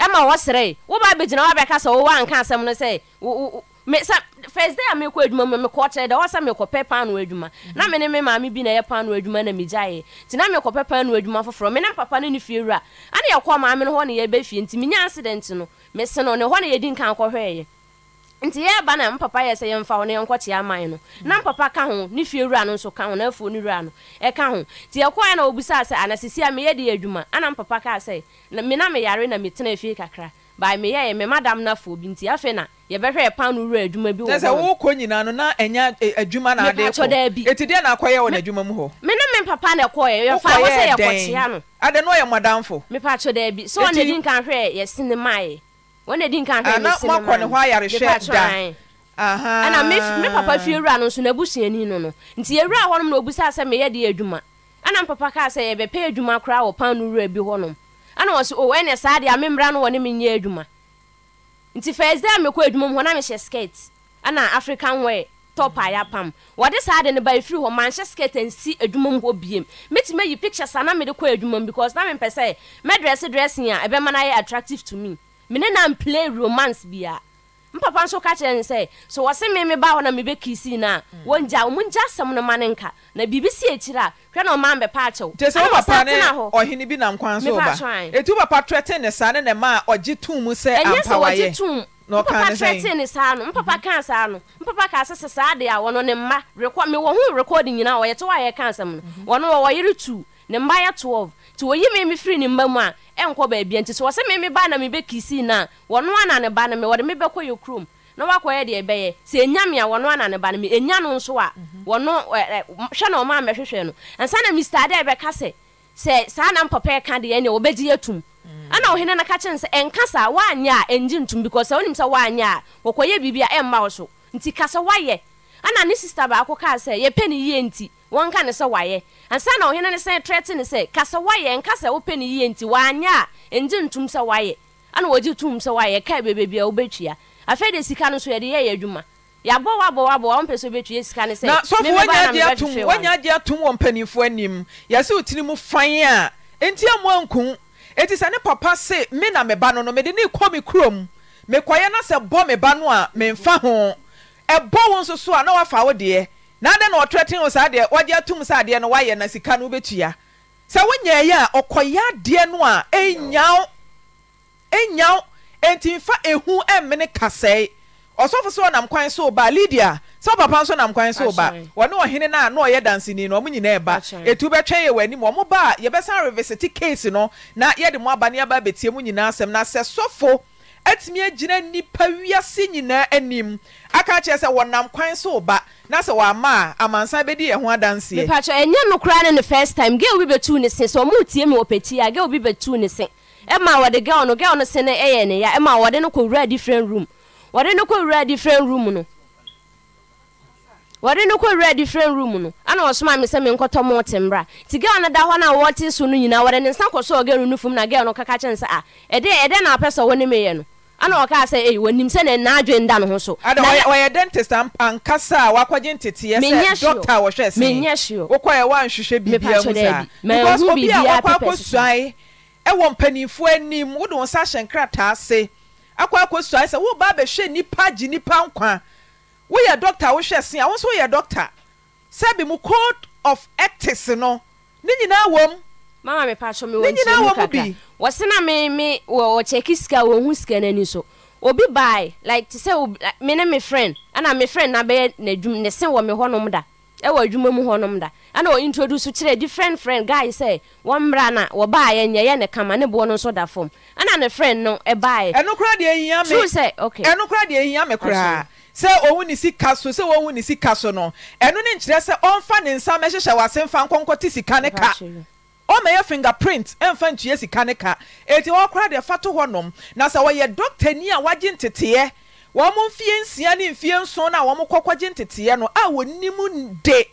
ɛma wɔserɛ woba bɛgyina wabɛka sɛ wowɔ anka asɛm no sɛ first day a mekɔ adwuma mu mekɔ kyerɛ dɛ wɔsɛ mekɔpɛ paano adwuma na mene me maame bi na ɛyɛ paano adwuma na megyaeɛ nti na mekɔpɛ paano adwuma foforɔ mene papa no ne fie wura ane yɛkɔ maame no hɔ ne yɛbɛfie nti menya accident no mese no ne hɔ ne yɛdi nkan kɔhwɛɛyɛ nti yɛ aba na mpapa yɛ sɛ yɛmfa wo na ya aman no na mpapa ka ho ne fie wura no nso ka ho na no wura no ɛka ho nti na ɔbusaa sɛ anasisi a meyɛ adwuma ana mpapa kaa sɛ me na meyare na metena afie kakra bae meyɛ me madam no afoɔ bi nti afei na yɛbɛhwɛ ɛpan no wura adwuma bi wɔ wokɔ nyinaa no na ɛnya e, adwuma na ɛti deɛ na akɔyɛ wɔ n'adwuma mu hɔ me ne me papa na ɛkɔɛ yɛfa sɛ no ade no ɔyɛ sɛ wɔn ah, na di nkan hwɛ ne si no ma ɛna mɔkɔ ne ho ayarehwɛ da ɛna me me papa fi ewura no nso na ebusuani no no nti ewura hɔnom na obusa me, meyɛ de adwuma ɛna m papa kaa sɛ yɛbɛpɛ adwuma koraa wɔ pan no wura bi hɔnom ɛna wɔ so o oh, ɛna saa deɛ amemmra no wɔ ne menyɛ adwuma nti fɛsde a mekɔ adwuma mu hɔ na mehyɛ skate ɛna african wear top a yɛapam wɔde saa de ne ba ɛfiri hɔ manhyɛ skate ansi adwuma mu hɔ biem mɛtumi ayi picture saa na mede kɔ adwuma mu because na mempɛ sɛ mɛdrɛse dressing a ɛbɛma no ayɛ attractive to me mene na play romance bia mpapa nso ka kyerɛ ne sɛ so wɔse me me ba hɔ na mebɛ kisi no a mm. wɔngya ɔmo ngya asɛm no ma ne nka na biribi si akyiri a hwɛ na ɔma mbɛpa akyɛw nti sɛ wopapa ne ɔhene bi nam kwan so ba ɛtu papa trɛte ne saa ne ne ma a ɔgye tom mu sɛ ampawayɛ mpapa ne saa no mpapa mm-hmm. kaa saa no mpapa kaa sɛ sɛ saa de a wɔno ne mma rekɔ mewɔ ho rekɔdi nyinaa wɔyɛ te wɔ a yɛka asɛm no mm-hmm. wɔno wɔ wɔyere tu ne mma yɛ 12 ti ɔyi meme fri ne mba mu a ɔnkɔ baabia nti sɛɔsɛmeme ba na mebɛkisi noa ɔn ananamemɛkɔɛ kɛ noɔaɛhwɛ nosana mesa de a bɛka sɛ ao a ke mhm. sɛ ka saɛɛasɛyɛane systa baak asɛ ypɛne yie nti wɔnka ne sɛ wayɛ ansa na ɔhene ne sɛn trɛte ne sɛ kasa wayɛ nkasa wopɛ ne yie nti wanyɛ a ɛngye ntom sɛ wayɛ ana wɔgye tom sɛ wayɛ ka bebebia wobɛtua afei de sika no so yɛde yɛyɛ adwuma yàbọ̀ wà bọ̀ wà bọ̀ wà mpẹ so bẹ tuyẹ sika ni na sọfọ wọnyà di atum wọnyà di atum wọ mpanyinfo anim yasi otiri mu fan a nti amu ankun eti sẹ ne papa se mi na mi ba no no mi de ne kọ mi kurom na sẹ bọ mi ba no a mi nfa ho ɛbɔ wo nso so a na wafa wo deɛ Nada na ɔtɔɛten o saa deɛ wagye atum saa deɛ no wayɛ na sika no wobɛtua sɛ wonyɛ yɛ a ɔkɔyɛ adeɛ no a enyaw enyaw enti nfa ehu ɛmmene kasɛɛ ɔsɔfo so ɔnam kwan so ba lidia, sɛ papa nso nam kwan so ba wɔne ɔhene no a na ɔyɛ danseni no ɔmo nyinaa ɛba etu bɛtwɛn yɛ wɔ anim ɔmo ba a yɛbɛsan revisiti case no na yɛde mo aba ne aba abetie mu nyinaa asɛm na sɛ sɔfo atumi agyina nipa wiase nyinaa anim aka kyerɛ sɛ wɔnam kwan so ba na sɛ wɔama a amansa bɛdi yɛ ho adanseɛ mepakyɛ ɛnyɛ no ne ne first time gɛl bi bɛtuu ne se sɛ ɔmoretie me wɔ a gɛl bi bɛtuu ne se ɛma wɔde gɛl no gɛl no se no ɛyɛ ne ya ɛma wɔde no kɔwura different room wɔde no kɔwura different room no wɔde no different room no ana wɔsoma me sɛ menkɔtɔ nti gɛl no da hɔ no a wɔte so no nyinaa wɔde ne nsa kɔ so no ana ɔka sɛ ɛyi wɔnim sɛ na n'adwe nda no ho so. ada ɔyɛ dentist ankasa a wakɔgye nteteɛ sɛ doctor wɔhwɛ sɛ menyɛ hyew wokɔ yɛ wanhwehwɛ biribiara mu saa because obi a wakɔ akɔsuae ɛwɔ mpanimfoɔ anim wode wo sa hyɛ nkrataa ase akɔ akɔsuae sɛ woba abɛhwɛ nipa gye nipa nkwa woyɛ doctor wohwɛ se a wo nso woyɛ doctor sɛbi mu code of ethics no ne nyinaa wɔ mu mama mepa akyɛ me wɔnkyɛ mu kakra wɔse na me me wɔkyɛke sika wɔhu sika no so obi bae like te sɛ like, me ne me friend ana me friend na bɛyɛ n'adwuma ne se wɔ me hɔnom da ɛwɔ adwuma mu hɔnom da ana wɔ introduce kyerɛ different friend guy sɛ wɔn mmra na wɔbaeɛ nyɛ yɛ ne kama ne boɔ no nso da fam ana ne friend no ɛbaeɛ ɛno koraa deɛ ehia me true sɛ okay ɛno koraa deɛ ehia me koraa sɛ ohun ne sika so sɛ ohun ne sika so no ɛno ne nkyerɛ sɛ ɔnfa ne nsa mɛhyehyɛ w'ase nfa nkɔnkɔ te sika ne ka. Right, ɔmɛyɛ fingerprint ɛmfa ntua sika ne ka eti wɔkora deɛ fa to hɔnom na sɛ wɔyɛ dɔktani a wagye nteteɛ wɔn mo mfie nsia ne mfie nson na wɔn kɔkɔ gye nteteɛ no a wɔnim de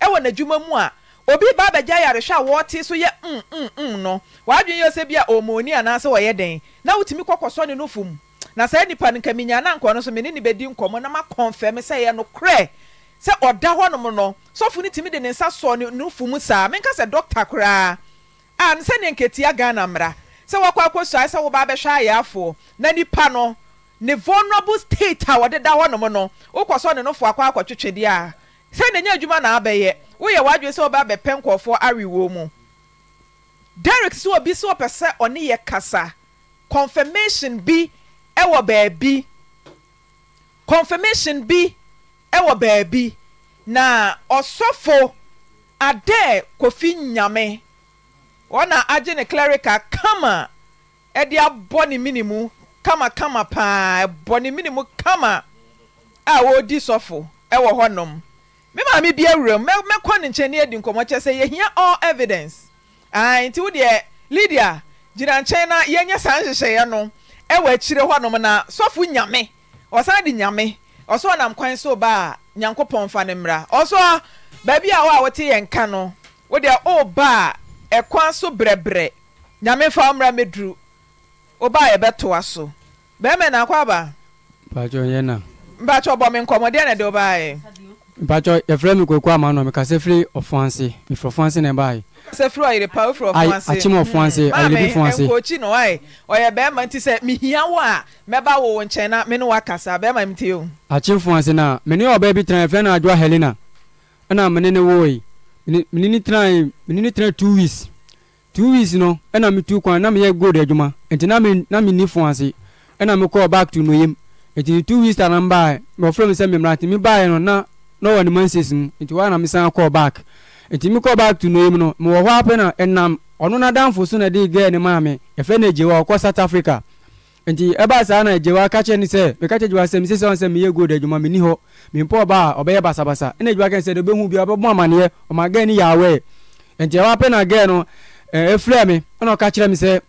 ɛwɔ n'adwuma mu a obi ba abɛgya yarehwɛ a wɔte so yɛ mm mm mm no wadwin yɛ sɛ bi a ɔmɔni anaasɛ wɔyɛ den na wotumi kɔkɔ sɔ ne no fom na sɛ nipa nkaminya na nkɔ no so mene ne bɛdi nkɔmɔ na ma kɔnfɛm sɛ yɛ no korɛ sɛ ɔda hɔnom no sɔfo no tumi de ne nsa sɔ ne nufu mu saa menka sɛ dɔkta koraa a ne sɛneɛ nketia ghana mmara sɛ wɔkɔ akɔsua sɛ woba abɛhwɛ ayafoɔ na nipa no ne vulnerable state a wɔdeda hɔnom no wokɔ sɔ ne nofo akɔ akɔtwetwe deɛ a sɛ ne nya adwuma na abɛyɛ woyɛ w'adwene sɛ woba abɛpɛ nkɔɔfoɔ arewo mu derek sɛ obi sɛ ɔpɛ sɛ ɔne yɛ kasa confirmation bi ɛwɔ baabi confirmation bi ɛwɔ baabi na ɔsɔfo adɛ kofi nyame wɔna agye ne clerical kama ɛde abɔ ne mini mu kamakama paa ɛbɔ ne mini kama a wɔredi sɔfo ɛwɔ hɔnom me maame bi awura mu mɛkɔ ne nkyɛn ne adi nkɔmɔ kyɛ sɛ yɛhia all evidence aa nti wo deɛ lydia gyina nkyɛn na yɛnyɛ saa nhyehyɛeɛ no ɛwɔ akyire hɔnom na sɔfo nyame ɔsan de nyame ɔsɔ nam kwan so ba a nyankopɔn fa ne mmra ɔsɔ baabi a wo a wote yɛn ka no wo deɛ ɔba a ɛkwan so brɛbrɛ nyame fa mmra meduru ɔba a yɛbɛtoa so bɛrima na akɔ aba. mpatsɔ yɛn na. mpatsɔ bɔ mi nkɔmɔ deɛ na de ɔba yɛ. mpatsɔ yɛfrɛ mi koko ama nɔ mi kase firi ɔfansi mifrɔfansi na ɛba yɛ sɛ firi ɔyere pa ofiri ɔfo ase akyim ɔfo ase ayere bi fo ase nkokyi no ɔyɛ ɔyɛ bɛrima nti sɛ mihia wo a mɛba wo wo nkyɛn na me ne wakasa bɛrima mi tie o. akyim fo ase na mene ɔbaa bi tena efɛn na adwa helena ɛna mene ne woe mene ne tena mene ne tena two weeks two weeks no ɛna me tu kwan na me yɛ gold adwuma nti na me na me ni fo ase ɛna me kɔɔ back to noyem nti two weeks ta na mbaɛ mɛ ɔfrɛ mi sɛ mɛmra nti mi baɛ no na na ɔwɔ ne mansis nti mi kɔ back to noam no mewɔ hɔ apɛ na ɛnam ɔno n'adamfo so na de gɛɛ ne maame ɛfɛ na gyewa ɔkɔ south africa nti ɛbaa saa na gyewa ka kyɛ ne sɛ meka kyɛ gyewa sɛ mesɛ sɛ ɔn sɛ meyɛ gold adwuma menni hɔ mempɔ ɔba a ɔbɛyɛ basabasa ɛna gyewa kɛn sɛ de ɔbɛhu bia ɔbɛbɔ amaneɛ ɔma gɛɛ ne yɛ nti ɛwɔ apɛ na gɛɛ no ɛfrɛ me ɛna ɔka kyerɛ me sɛ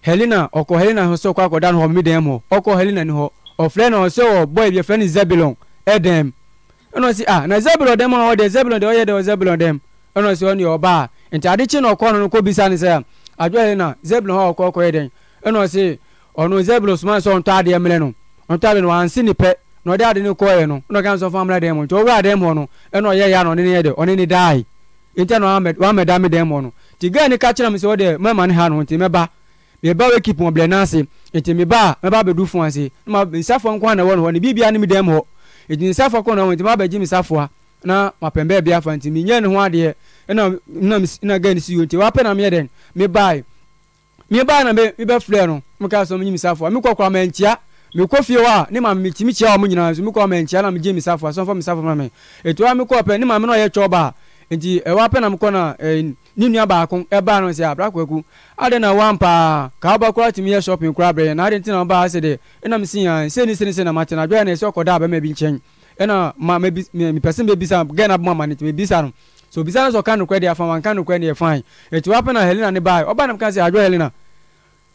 helena ɔkɔ helena ho sɛ ɔkɔ akɔda no hɔ me dan mu ɔkɔ helena ni hɔ ɔfrɛ na ɔsɛ wɔ bɔy bi ɛfrɛ ne zebulon ɛdɛm ɛna ɔsi ah na zebulon dɛm a ɔwɔ zebulon deɛ ɔyɛ deɛ ɔ zebulon dɛm ɛna sɛ ɔne ɔbaa nti adekye na ɔkɔ no no kɔbisa ne sɛ adwene na zebulon hɔ ɔkɔ kɔyɛ dɛn ɛna ɔse ɔno zebulon soma sɛ ɔntɔ adeɛ mmerɛ no ɔntɔ adeɛ no wansi ne pɛ na ɔde ade ne kɔɔyɛ no ɛna ɔka nsɔfo amena dɛm nti ɔwura dɛm hɔ no ɛna ɔyɛ ya na ɔne ne yɛ dɛ ɔne ne daae nti na wamɛ dame dɛm hɔ no nti gaa ne ka kyerɛ me sɛ ɔde mɛma ne ha no nti mɛba meba wɔ ekipu ɔblɛ n'ase nti meba mɛba abɛdu fun ase nsa fɔ na ɛwɔ no hɔ ne biribia ne mi dɛm hɔ nti nsa kɔn na wɔn nti mɛba abɛgye mi nsa na mapɛn bɛɛ bi afa nti mi nyɛ ne ho adeɛ ɛna na na gɛn si yio nti wapɛ na mi yɛ dɛ mi baae mi baae na mi bɛ filɛ no mi ka sɔn mi nyi mi safoa mi kɔ kura mɛ nkyia mi kɔ fie wa ne maame mi ti mi kyia wɔn nyinaa nso mi kɔ mɛ nkyia na mi gye mi safoa sɔn fɔ mi safoa ma mi etu wa kɔ pɛ ne maame na ɔyɛ kyɔba nti ɛwɔ apɛ na mi kɔ na ɛɛ ne nua baako ɛbaa no sɛ abra kwaku ade na wan paa ka wobɛ kora tumi yɛ shopping kora brɛ na ade nti na wobaa sɛ dɛ ɛnam si a sɛni sɛni sɛ na matena adwɛ na ɛsɛ ɔkɔda abɛma bi nkyɛn ɛna ma mɛ bi mɛ pɛsɛn bɛ bisa gɛna bɔ ma ne ti mɛ bisa no so bisa no sɔ kan no kɔ deɛ fan wa kan no kɔ deɛ fan etu wa pɛna helena ne ba ɔba nam kan sɛ adwɔ helena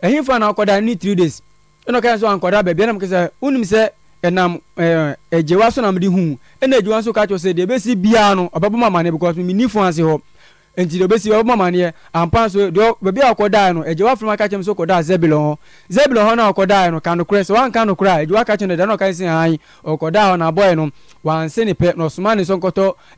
ɛhin fa na akɔda ni three days ɛna ɔka yɛ sɔ ankɔda bɛbi ɛnam kisɛ unim sɛ ɛnam ɛɛ ɛgyewa so nam de hu ɛna ɛgyewa nso ka kyerɛ sɛ deɛ ebesi biara no ɔbɛbɔ ma ma ne because mi ni fo ase hɔ nti deɛ obesi ɔbɛbɔ amaneɛ ampa so deɛ baabi a ɔkɔdaeɛ no agya wafrɛm aka kyɛm sɛ ɔkɔdaa zebilon hɔ zebilon hɔ no a ɔkɔdaeɛ no ka nokorɛ sɛ wanka nokorɛ a agya waka kyɛm no da na ɔka sɛ han ɔkɔdaa hɔ nabɔɛ no wanse ne pɛ na ɔsoma ne nso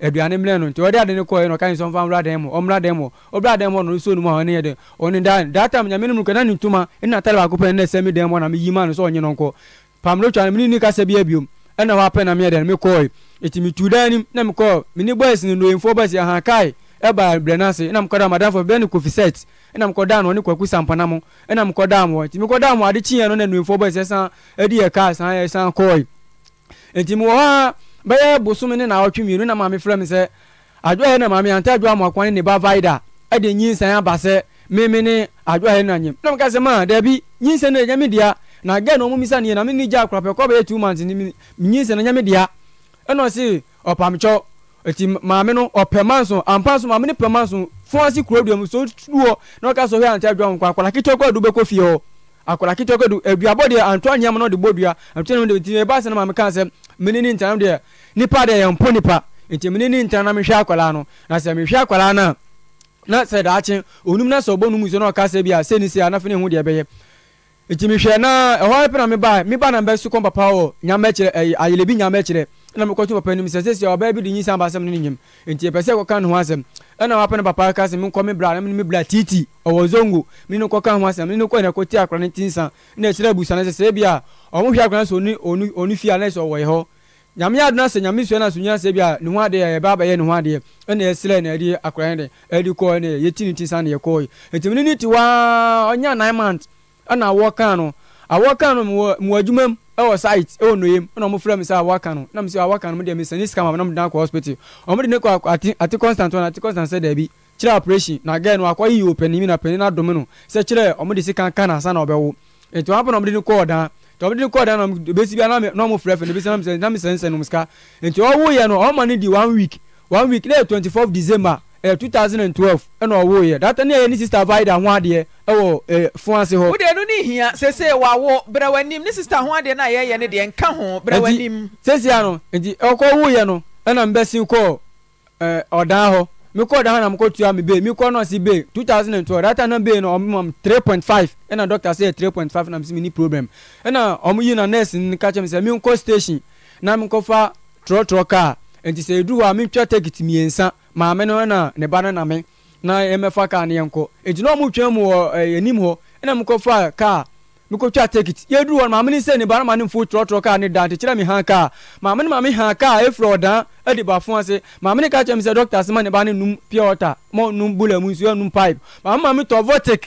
aduane mmerɛ no nti ɔde ade no kɔɛ no ɔka ne sɛ ɔmfa mmra dan mu ɔmmra dan mu ɔbra dan mu ɔno nsuo no mu a ɔne yɛ dɛ ɔne da daa tam nyame no mu kɔna ne ntoma ɛna atare baako pɛ ne sɛ dan mu a na meyi ma no sɛ ɔnye no nkɔ pamlo twa no mene ni kasa bi abiom ɛna wɔapɛ na meɛ dɛ no mekɔe ɛti metu daa anim na mekɔɔ mene bɔɛs no noyɛmfoɔ bɔɛs ahankae ɛba brɛ no ase ɛna mekɔda madamfo bɛ ne kofi set ɛna mekɔda no ɔne kwaku sampana mo ɛna mekɔda mo nti mekɔda mo ade no na nuimfoɔ bɔ sɛ san adi yɛ kaa san ɛsan kɔɔe nti mewɔ hɔ a bɛyɛ bosom ne naawɔtwe mmienu na maame frɛ me sɛ adwoɛ na maame anta adwoa ne ba vaida ɛde ne na meka sɛ ma daabi nyinsan no ɛnyɛ me dea na gɛ na ɔmomisa na mene gya akorapɛ kɔ nti maame no ɔpɛ manso ampa so maame ne pɛ manso fún ase kuro dua mu so tu hɔ na ɔka sɔ hwɛ ankyɛ adwa nkɔ akwadaa ketewa kɔ adu bɛkɔ fie hɔ akwadaa ketewa kɔ adu aduabɔ deɛ antoa nneɛma na ɔde bɔ dua antoa nneɛma de ti na ebaasa na maame kan sɛ mene ne ntan deɛ nipa deɛ yɛn mpo nipa nti mene ne ntan na mehwɛ akwadaa no na sɛ mehwɛ akwadaa no na sɛ daakye onum na sɛ ɔbɔ numu so na ɔka sɛ bi a sɛ ne se a na fɛn ehu deɛ ɛbɛyɛ nti mehwɛ na ɛhɔ ayɛ pɛ na meba meba na mbɛ so kɔn papa wɔ nyamɛkyerɛ ɛyɛ ayɛlɛbi na mekɔto papa anim sɛ sɛsia ɔbaa bi de nyi samba asɛm no no nyam enti ɛpɛ sɛ kɔka ho asɛm ɛna wapɛ no papa ka sɛ menkɔ me bra na me bra titi ɔwɔ zongo mene no kɔka ho asɛm mene no kɔ na kɔti akora no tinsa na ɛkyerɛ abusa no sɛ sɛ bia ɔmo hwɛ akora no sɛ ɔno fie a na ɛsɛ ɔwɔ hɔ nyame adona sɛ nyame sua no asonya sɛ bia ne ho adeɛ yɛba bɛyɛ ne ho adeɛ ɛna ɛserɛ na ɛde akora no de ɛde kɔɔ ne yɛti ne tinsa ne yɛkɔɔ enti mene no ti waa ɔnyɛ nine month ɛna wɔka no awɔka no mewɔ adwuma mu ɛwɔ site ɛwɔ nnoyɛ mu ɛna ɔmo fira mi sɛ awɔka no na mi sɛ awɔka mo deɛ mi sani sika ma na mo de akɔ hospital ɔmo de ne kɔ ati ati constant wɔn ati constant sɛ dɛbi kyerɛ operation na gɛɛ no akɔ yiyi opanin mi na panin na dome no sɛ kyerɛ ɔmo de sika kan na asa na ɔbɛwo etu apɔ na ɔmo de ne kɔɔ dan tɔbi de kɔɔ dan na ebesi bi anam na ɔmo fira fɛ na ebesi anam sɛ na mi sɛnsɛn no mu sika nti ɔwo yɛ no ɔmo ma di one week one week ne yɛ twenty four december 2012 ɛna ɔwɔ yɛ data ni sista vaida ho adeɛ ɛwɔ fun ase hɔ. sista ho adeɛ na yɛ yɛ ne deɛ nka ho brɛwɛ nim. sese ano nti ɔkɔ wɔ yɛ no ɛna mbɛsi kɔ ɛɛ ɔdan hɔ ɔdan hɔ na mikɔ tua mi bee mikɔ nɔɔsi bee 2012 data na bee 3.5 ɛna 3.5 na mi si eh, mi ni problem ɛna ɔmo yi na ni kakyɛ mi sɛ mi nkɔ station na mi nkɔ fa trɔtrɔ nti sɛ ɛduru hɔ a metwa ticket mmiɛnsa maame no na ne ba no name na ɛmɛfa kaa no yɛnkɔ nti na ɔmotwa mu wɔ eh, anim hɔ ɛna mekɔfa kaa mekɔtwa ticket yɛduru hɔ no maame no sɛ ne ba no ma ne mfuo trɔtrɔ kaa ne da nti kyerɛ me ha kaa maame no maame ha kaa ɛfiri ɔdan adi baafo ase maame no ka kyerɛ me sɛ dɔkta asɛma ne ba no num pure water ma num bula mu nsuo num pipe maame maame tɔ vortic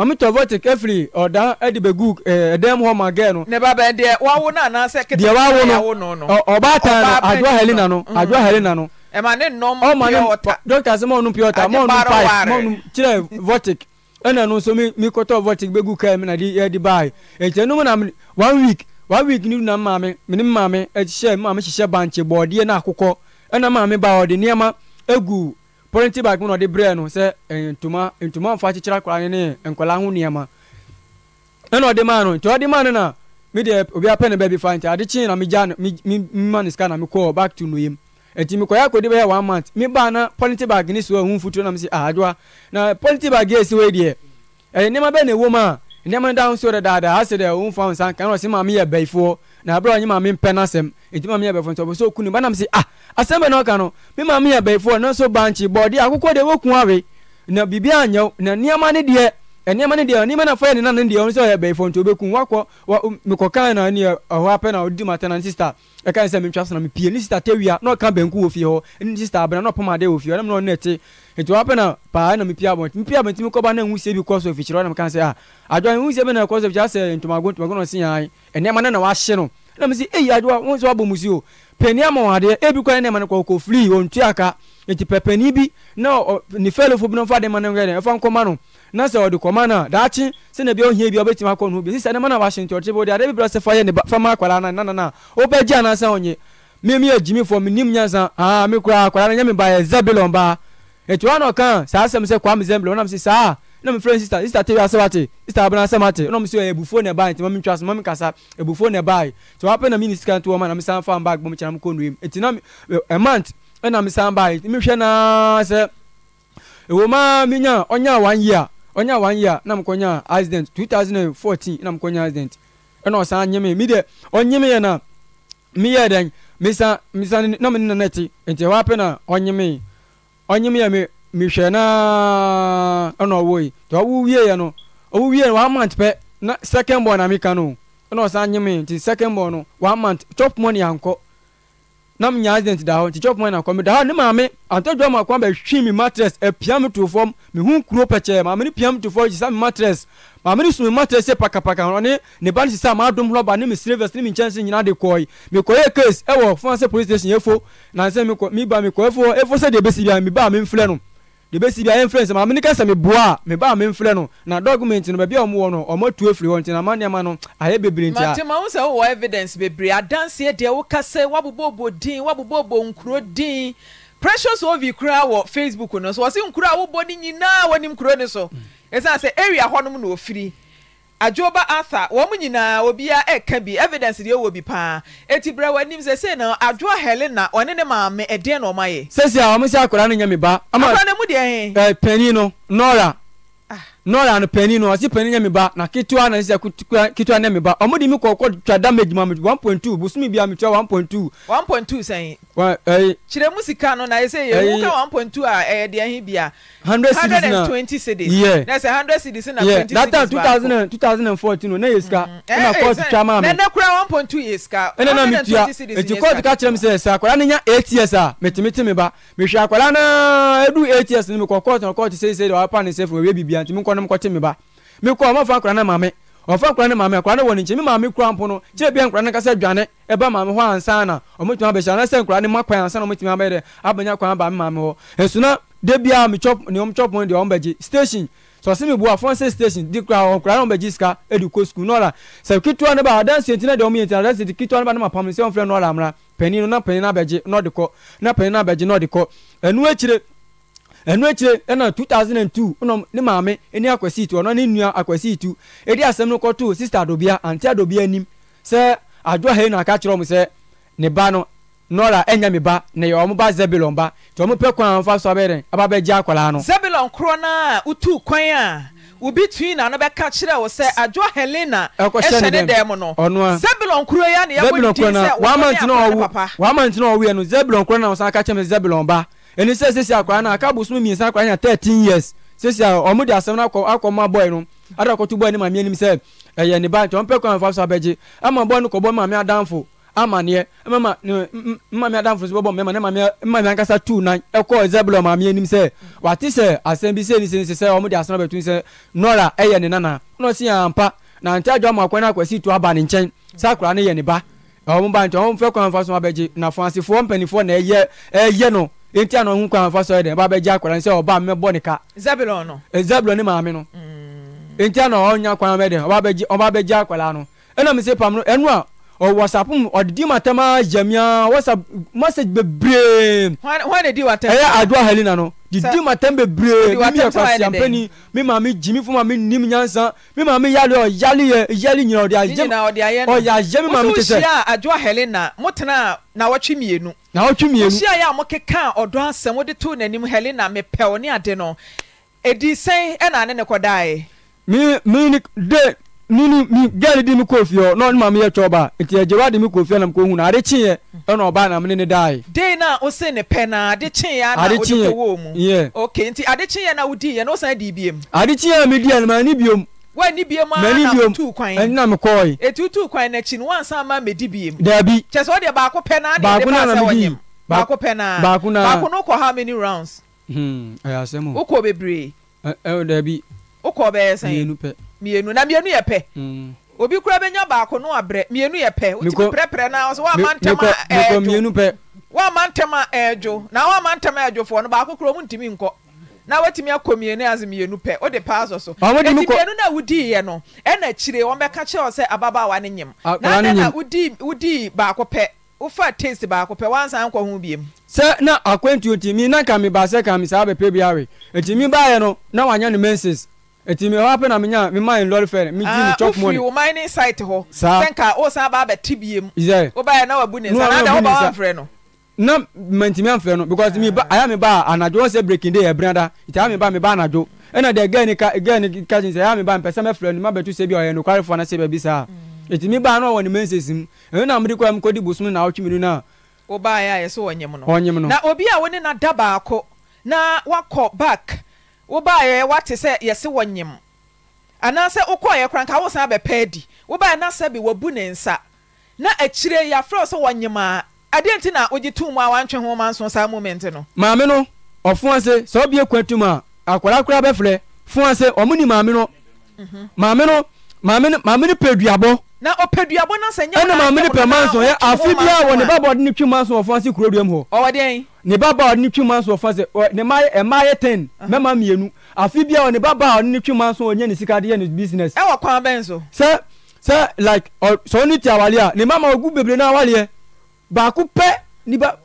ɔmitɔ vɔti kɛfiri ɔda ɛdi bɛ gu ɛdɛm hɔ ma gɛɛ no. ne ba bɛn deɛ wawo na anase kete deɛ wawo no ɔba ata no adwa helena no mm. adwa helena no. ɛma ne nnɔm pure ɔta dɔkita sɛ mɔnu pure ɔta mɔnu pipe mɔnu kyerɛ vɔtik ɛna no nso mi kɔtɔ vɔtik bɛ gu kɛɛ mi na di ɛdi baayi ɛkyɛ numu na one week one week ni na maame mi ni maame ɛhyehyɛ maame hyehyɛ bankye bɔɔdeɛ na akokɔ ɛna maame ba ɔde nneɛma egu pɔrɛnti baako mu na ɔde brɛ no sɛ eh, ntoma ntoma nfa kyekyere akwaraa no ne nkwaraa ho nneɛma ɛna ɔde maa no nti ɔde maa no na mi deɛ obi apɛ ne baabi fa nti ade kyen na mi gya mi mi ma ne sika na mi kɔɔ back to no yam nti mi kɔyɛ akɔdi bɛyɛ one month mi baa na pɔrɛnti baako ne so ohun futuo na mi sɛ ahadwa na pɔrɛnti baako yɛ esiwe deɛ ɛyɛ nneɛma bɛɛ na ewo mu a nneɛma no da ahosuo dadaada asɛ deɛ ohun fa ahosan kan na ɔsi maame yɛ bɛyifoɔ na abira onye maame mpɛ n'asɛm nti maame yɛ abɛɛfo nti ɔbɛsɛ okunu ba nam sɛ ah asɛm bɛ n'ɔka no mi maame yɛ abɛɛfo ɔno nso bankye bɔɔde akokɔ deɛ wɔkun awe na biribi anyɛw na nneɛma ni deɛ nneɛma no deɛ ni no afɔ yɛ ne nana deɛ ɔno sɛ ɔyɛ bɛyifɔ nti obɛkum wakɔ na ne ɛhɔ apɛ na ɔdi mata na ne sista ɛka ne sɛ metwa so na mepie ne sista tawia na ɔka bɛnku wɔ fie hɔ ne sista abena na ɔpam adeɛ wɔ fie hɔ ɛnam na ɔne ɛte nti wapɛ na paa na mepie abɔnten mepie abɔnten mekɔba na nhu sie bi kɔ so afikyerɛ ɔnam kan sɛ a adwa nhu sie bi na ɛkɔ so afikyerɛ sɛ ntomago ntomago na ɔsi yan nneɛma no na wahye no ɛnam sɛ eyi adwa wɔn nso abɔ mu si o panyin ama wɔn adeɛ ebi kɔ ne no kɔ kɔ firi wɔn tuaka nti pɛpɛni bi na ne fɛlɛfo bi na ɔfa adeɛ na sɛ ɔde kɔma no a daakye sɛna bi ohia bi ɔbɛtumi akɔ no bi sisɛ ne ma na wahyɛ nti ɔte bɔ de ade bebrɛ sɛ fa yɛ ne ba fama akwadaa na nanana wobɛgye anaasɛ ɔnye mimi yɛ e gyimi fɔ menim nyansa aa me koraa akwadaa no nyɛ me ba yɛ e zɛbilɔn baa ɛti e wɔn ɔka saa asɛm sɛ kwame zɛbilɔn ɔnam sɛ saa na me friend sister sister tewi asɛm ate sister abena asɛm ate ɔnam sɛ ebufuo na ɛbaa nti mami ntwa so mami kasa ebufuo na ɛbaa ti wɔn apɛ na mi ni sika nto wɔn ma na mi san fa bag bɔ mi kyɛn na mi kɔ nuyim eti na a month ɛna mi san baa mi hwɛ naa sɛ ewo maa mi nya ɔnya one year ɔnya one year na mekɔnya accident 2014 na mekɔnya accident ɛna e ɔsan nyeme mi deɛ ɔnyeme yɛ na meyɛ dɛn mesa mesa na mene nana te nti ɛhɔ apɛ na ɔnyeme ɔnyeme yɛ me mehwɛ naa ɛna ɔwɔ yi nti ɔwo wie yɛ no ɔwo wie no one month pɛ na second ball na meka no ɛna e ɔsan nyeme nti second ball no one month chop money ankɔ na me nya accident da hɔ nti chop na kɔ me da hɔ ne maame antadwa mu akwan bɛhwi me matress apia me to fam me hu kuro pɛkyɛɛ maame ne pia me to fam sisa me matress maame ne sum me matress yɛ pakapaka ɔne ne ba ne sisa maa dom hɔba ne me silvers ne me nkyɛnse nyinaa de kɔɛ me kɔyɛ case ɛwɔ fɔnse police station yɛfo nansɛn me kɔ me ba me kɔ efo efo sɛ deɛ ebesi bia me ba me nfilɛ no yɛbɛsi bi a yɛmfrɛ nsɛm amene kasɛ meboa a mebaa memfrɛ no na document no baabi a ɔmo wɔ no ɔmatue firi hɔ nti na ma nneɛma no ayɛ bebree nti ma wo sɛ wowɔ evidence bebree adanseɛ deɛ woka sɛ woabobɔbɔ din woabobɔbɔ nkuro din precious ovi kura wɔ facebook no so wɔse nkuro a wobɔ no nyinaa wɔnim kuro no so ɛsiane sɛ area hɔnom na ɔfiri adwoba arthur wɔn nyinaa obiara ɛka bi evidence deɛ ɛwɔ bi paa eti brɛ wɔn anim sɛ sɛ na adwoa helena ɔne ne maame ɛdeɛ na ɔmayɛ. sɛsi a wɔn sɛ akwadaa no nyɛ mi ba. akwadaa no mu deɛ ɛhɛn. ɛɛ panyin no nora. ah nɔɔra no panin no ɔsi panin yɛ mi ba na ketewa na sisi ketewa na mi ba ɔmo de mi kɔ kɔ twa damage ma mi one point two bosumi bi a mi twa one point two. one point two sɛn. wa ɛyi. Eh. kyerɛ mu sika no na ɛsɛ yɛ eh. wuka one point two a ɛyɛ deɛ ɛhin bia. hundred cedis na hundred and twenty cedis. yɛ na ɛsɛ hundred cedis na twenty cedis baako. yɛ that time two thousand and two thousand and fourteen o mm-hmm. eh, ne yɛ sika. ɛna kɔɔti twa maa mi. nɛnɛ kura one point two yɛ sika. ɛna na mi tia eti kɔɔti ka kyerɛ mi sɛ ɛsɛ akwadaa ne nya eight years a ah. mɛtimiti mi ba mehwɛ akwadaa naa edu eight ni mi kɔ kɔɔti na wɔnom kɔte me ba mekɔ ɔmafa akora no maame ɔfa akora no maame akora no wɔ ne nkyɛn me maame kura mpo no kyerɛ bia nkora no kasa dwane ɛba e maame hɔ ansa na ɔmotumi abɛhyɛ anasɛ nkora no makwan ansa na ɔmotumi abɛyɛ dɛ abɛnya kwan aba me maame hɔ ɛso na da bia metwɔ ne ɔmtwɔ pono deɛ ɔmbɛgye station sɔsi mi bu afɔn se station di kura wɔn kura wɔn bɛ ji sika edu ko sukuu n'ɔla sɛ kituwa ne ba adansi etina de ɔmu yɛ ntina adansi eti kituwa ne ba ne ma pam ne sɛ ɔn filɛ n'ɔla amuna panyin na panyin na bɛ gye n'ɔde na panyin na bɛ gye n'ɔde ekyire ɛno akyire ɛna 2002 ɔnɔ ne maame ɛne akwasi itu ɔno ne nua akwasi itu ɛdi asɛm no kɔtoo sista adobia ante adobia anim sɛ adwa ha na aka kyerɛ ɔmo sɛ ne ba no nɔra ɛnyɛ mi ba ne yɛ ɔmo ba zebilon ba tí ɔmo pɛ kwan utu kwan a obi na ano bɛka kyerɛ wo sɛ adwo helena ɛhyɛ ne dɛm no ya ne sɛ ne akwaraa papa. na wɔn san ɛnu sɛ sɛsi akwadaa no aka bosom mmiɛnsa akwadaa nya thirteen years sɛsi a ɔmo de asɛm no akɔ akɔ ma bɔyɛ no ada ma bɔyɛ ne maame anim sɛ ɛyɛ ne ba nti pɛ kwan fa so abɛgye ama bɔyɛ no maame adanfo ankasa tu nan ɛkɔ zebulon maame anim sɛ wate sɛ asɛm bi sɛ sɛ de asɛm sɛ nɔra ɛyɛ ne nana ampa na nti adwa ɔmo akɔ ne aba ne nkyɛn sɛ akwadaa yɛ ne ba ɔmo na enti ana ohun kwan afa sɔrɔ dɛ ɛba bɛgye akwadaa nsɛ ɔba mɛ bɔ nika. zebulon no. Eh, zebulon ni maame no. Mm. enti ana ɔnya kwan mɛ dɛ ɔba bɛgye ɔba bɛgye akwadaa no ɛna mi se pam no ɛnu a whatsapp mu ɔdidi ma tɛm a jɛmia whatsapp message bebree. wɔn na di wa tɛm. ɛyɛ adua helena no didi ma tɛn bebree mi yɛ kɔsiampe ni mi maa mi jimi fún ma mi ni mi yansan mi maa mi yali ɔ yali yɛ yali ɲinan ɔdi ayɛ ɔ mi maa mi tɛsɛ. musu si a ajo mo tena n'awɔtwi mienu. n'awɔtwi mienu. musu yɛ a mo keka ɔdɔn asɛm o de to n'anim hɛlɛ na mi pɛw ne ade no edi sɛn ɛna e ne ne kɔ daa yɛ. mi mi ni de nini mi gɛli di mi k'o fiyɛ n'o ni maa mi yɛ cɔba nti yɛ jɛba di mi k'o fiyɛ na mi k'o hun na a de tiɲɛ ɛna o b'a na mi ni ne da ye. den na o se ne pɛ na a de tiɲɛ o de ko mu ok nti a de tiɲɛ na o di yɛ n'o san di bi yɛ mu. a de tiɲɛ mi di yɛ mɛ ni bi yɛ mu. wɛ ni bi yɛ a na mi tu kwan. ɛni na mi kɔ ye. etu tu kwan n'akyi ni wansan ma mɛ di bi yɛ mu. dabi. cɛsɛ o de baako pɛ na de de paasa wɔ nyɛ mu how many rounds. ɛɛ asɛm o. o kɔ bebree. ɛ ɛ dabi. o kɔ Mienu na mienu yɛ pɛ mm. obi kura bɛnya baako no abrɛ mmienu yɛ pɛ wotumi prɛprɛ na sɛ woama ntɛm a ɛɛdwo woama ntɛm a ɛɛdwo na woama ntɛm a ɛɛdwofoɔ no baako kura ɔmu ntumi nkɔ na watumi akɔ mmienu ase mmienu pɛ wode paa sɔ so ɛti mmienu na wodiiɛ no ɛna akyire wɔn bɛka kyerɛ sɛ ababaawa no nyim na adɛ na wodii baako pɛ wofa taste baako pɛ wansan nkɔ ho biem sɛ na akwantuo timi na ka me baasɛ ka me saa bɛpɛ biawe ɛtimi baayɛ no na wanyɛ no menses nti mi hapi na minya mi maa lɔri fɛ mi ji mi ah, chop money. wofi o mining site hɔ. saa sɛ nka o san b'a bɛ ti bi ye mu. izɛ o b'a yɛ n'a wa bu ne nsa n'a da o b'a wa fɛ no. na mɛntimi an fɛ no because mi ba a y'a mi ba anadio ɔsɛ breaking day ɛbrɛ da ita a mi ba mi ba anadio ɛna de gɛɛ ni ka gɛɛ ni ka jin sɛ a y'a mi ba mpɛ sɛmɛ filɛ ni ma bɛ tu sebi ɔyɛ nukwari fɔ anase bɛ bi sa eti mm. mi ba anɔ wɔ ni mɛ nse sim ɛyɛ na mi di kɔ yɛ mu ko di busumi na ɔtwi mi nu na. o b'a yɛ a yɛ so ɔnyim no. ɔnyim no. na obi a wo ne na da baako na wakɔ back wobaeɛ wate sɛ yɛse wɔ nyem anaasɛ wokɔɔyɛ kora nka wosan bɛpɛ adi wobaeɛ na sɛbe wabu ne nsa na akyire yɛafrɛ sɛ wɔnyem a adeɛ nti na wogye tom mu a wantwe ho ma nso saa moment no maame no ɔfoa se sɛ wobie kwa tum a akwara koraa bɛfrɛ foa se ɔmo ni maame no mhm. maame no maame ne pɛ duabɔ na ɔpɛ duabɔ na sɛ nyɛ ɛna maame ne pɛ manson yɛ afi bi a wɔ ne ba bɔ ɔde ne twi manson wɔfa se kuro duam hɔ ɔwɔ dɛn ne ba ba ɔde ne twi manson wɔfa se ne ma ɛma yɛ ten mɛma mmienu afi bi a wɔ ne ba ba ɔde ne twi manson wɔnyɛ ne sika de yɛ ne business ɛwɔ kwan bɛn so sɛ sɛ like ɔ sɛ ɔne ti awale a ne mama ogu bebree na awaleɛ baako pɛ ne ba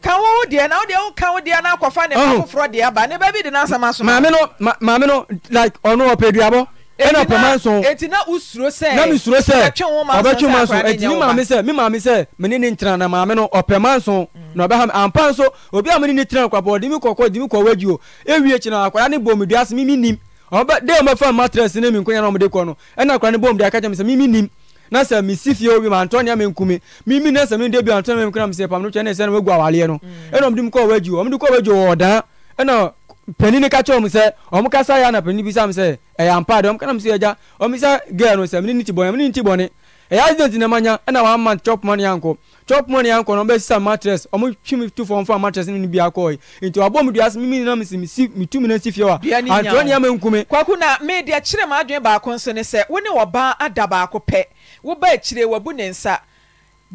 ka wo deɛ na wo deɛ wo ka wo deɛ na akɔfa ne ba foforɔ deɛ aba ne ba bi de na asɛm asoma maame no maame no like ɔno ɔpɛ duabɔ ɛna pɛma nson eti na usuro sɛ na mi suro sɛ ɔbɛtwe ma nson eti mi maame sɛ mi maame sɛ mi ni ne ntena na maame no ɔpɛma nson mm. na ɔbɛha mi ampa nso obi a mi ni ne tena kwapɔ ɔdi mi kɔkɔ ɔdi mi kɔ wɛdi o ewie kyina akwadaa ne bɔ omi dua se mi mi nim ɔbɛ de ɔmɛ fa matress ne mi nkonya na ɔmo de kɔ no ɛna akwadaa ne bɔ omi dua kakyɛ mi sɛ mi mi nim na sɛ mesi fie obi ma antɔ nea menkumi mimi na sɛ mede bi antɔ nea menkura mesɛ pam no kyɛ ne sɛ no wagu awaleɛ no mm. ɛna ɔmde mu kɔ wagyi ɔmde panyin ka kyerɛ ɔm sɛ ɔm kasa yɛ ana panyin bisa m sɛ ɛyɛ ampa de ɔm kana m sɛ agya ɔm sɛ girl no sɛ mene ne ti bɔne mene ne ti bɔne ɛyɛ accident na manya ɛna one month chop money ankɔ chop money no na ɔbɛsisa mattress ɔmo twi me tu fɔm fa mattress ne ne bi akɔ yi nti wabɔ mu dua se mimi na mesi mesi mitu mi na si fie wa antɔ ne ama nkume. kwaku na mi deɛ kyerɛ mu adwene baako nso ne sɛ wo ne wɔ ban ada baako pɛ wo ba akyire wabu ne nsa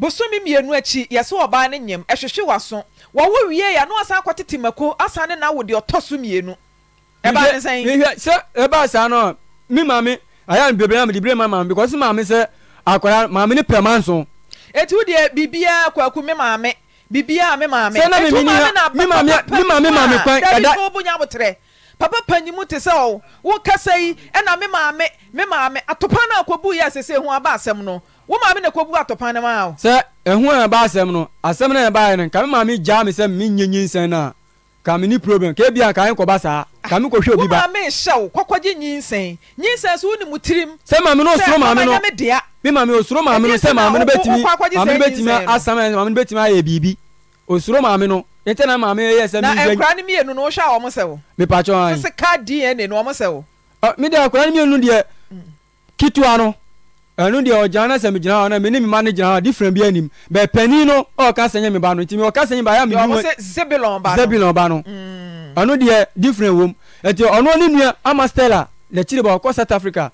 bosomi mmienu akyi yɛsɛ ɔbaa ne nyɛm ɛhwehwe waso wɔwo wie yɛ no asan akɔtete mako asan ne na awo deɛ ɔtɔ so mmienu ɛbaa ne sɛn. mihwɛ sɛ ɛbaa saa no mi maame ayɛ mi bebree na de bire maame because maame sɛ akwaraa maame ne pɛrɛma nso. etu deɛ bibia kwaku mi maame bibia mi maame etu maame na mi maame mi maame maame kwan ɛda dabi fo bonya abotrɛ papa panyimu te sɛ ɔwɔ wo kasa yi ɛna mi maame mi maame atopa na akɔbu yɛ asese ho aba asɛm no wo maame na kɔbu atɔpan no maa wo sɛ ɛho a ɛba asɛm no asɛm no ɛbaeɛ no nka me maame gyaa me sɛ menyɛ nyinsɛn no a ka me ni problem ka ebia ka nkɔba saa ka me kɔhwɛ obi ba wo maame nhyɛ wo kɔkɔgye nyinsɛn nyinsɛn so wo ne mu tirim sɛ maame no osoro maame no me maame osoro maame no sɛ maame no bɛtumi maame no bɛtumi asam maame no bɛtumi ayɛ biribi osoro maame no nti na maame yɛ sɛ mi nkura ni mienu no wohwɛ a wɔn sɛ wo mipatɔ anyi sisi ka dna no wɔn sɛ wo mi de akura ni mienu deɛ kituwa no ɛnu deɛ ɔgyina na sɛ mi gyina hɔ na mi ne mi ma ne gyina hɔ different bi anim bɛ panyin no ɔka sɛ nye mi ba no nti mi ɔka sɛ nye ba ya mi ni wɔn zebilɔn ba no zebilɔn ba no ɛnu deɛ different wɔm ɛti ɔno ne nua ama stella n'akyiri ba ɔkɔ south africa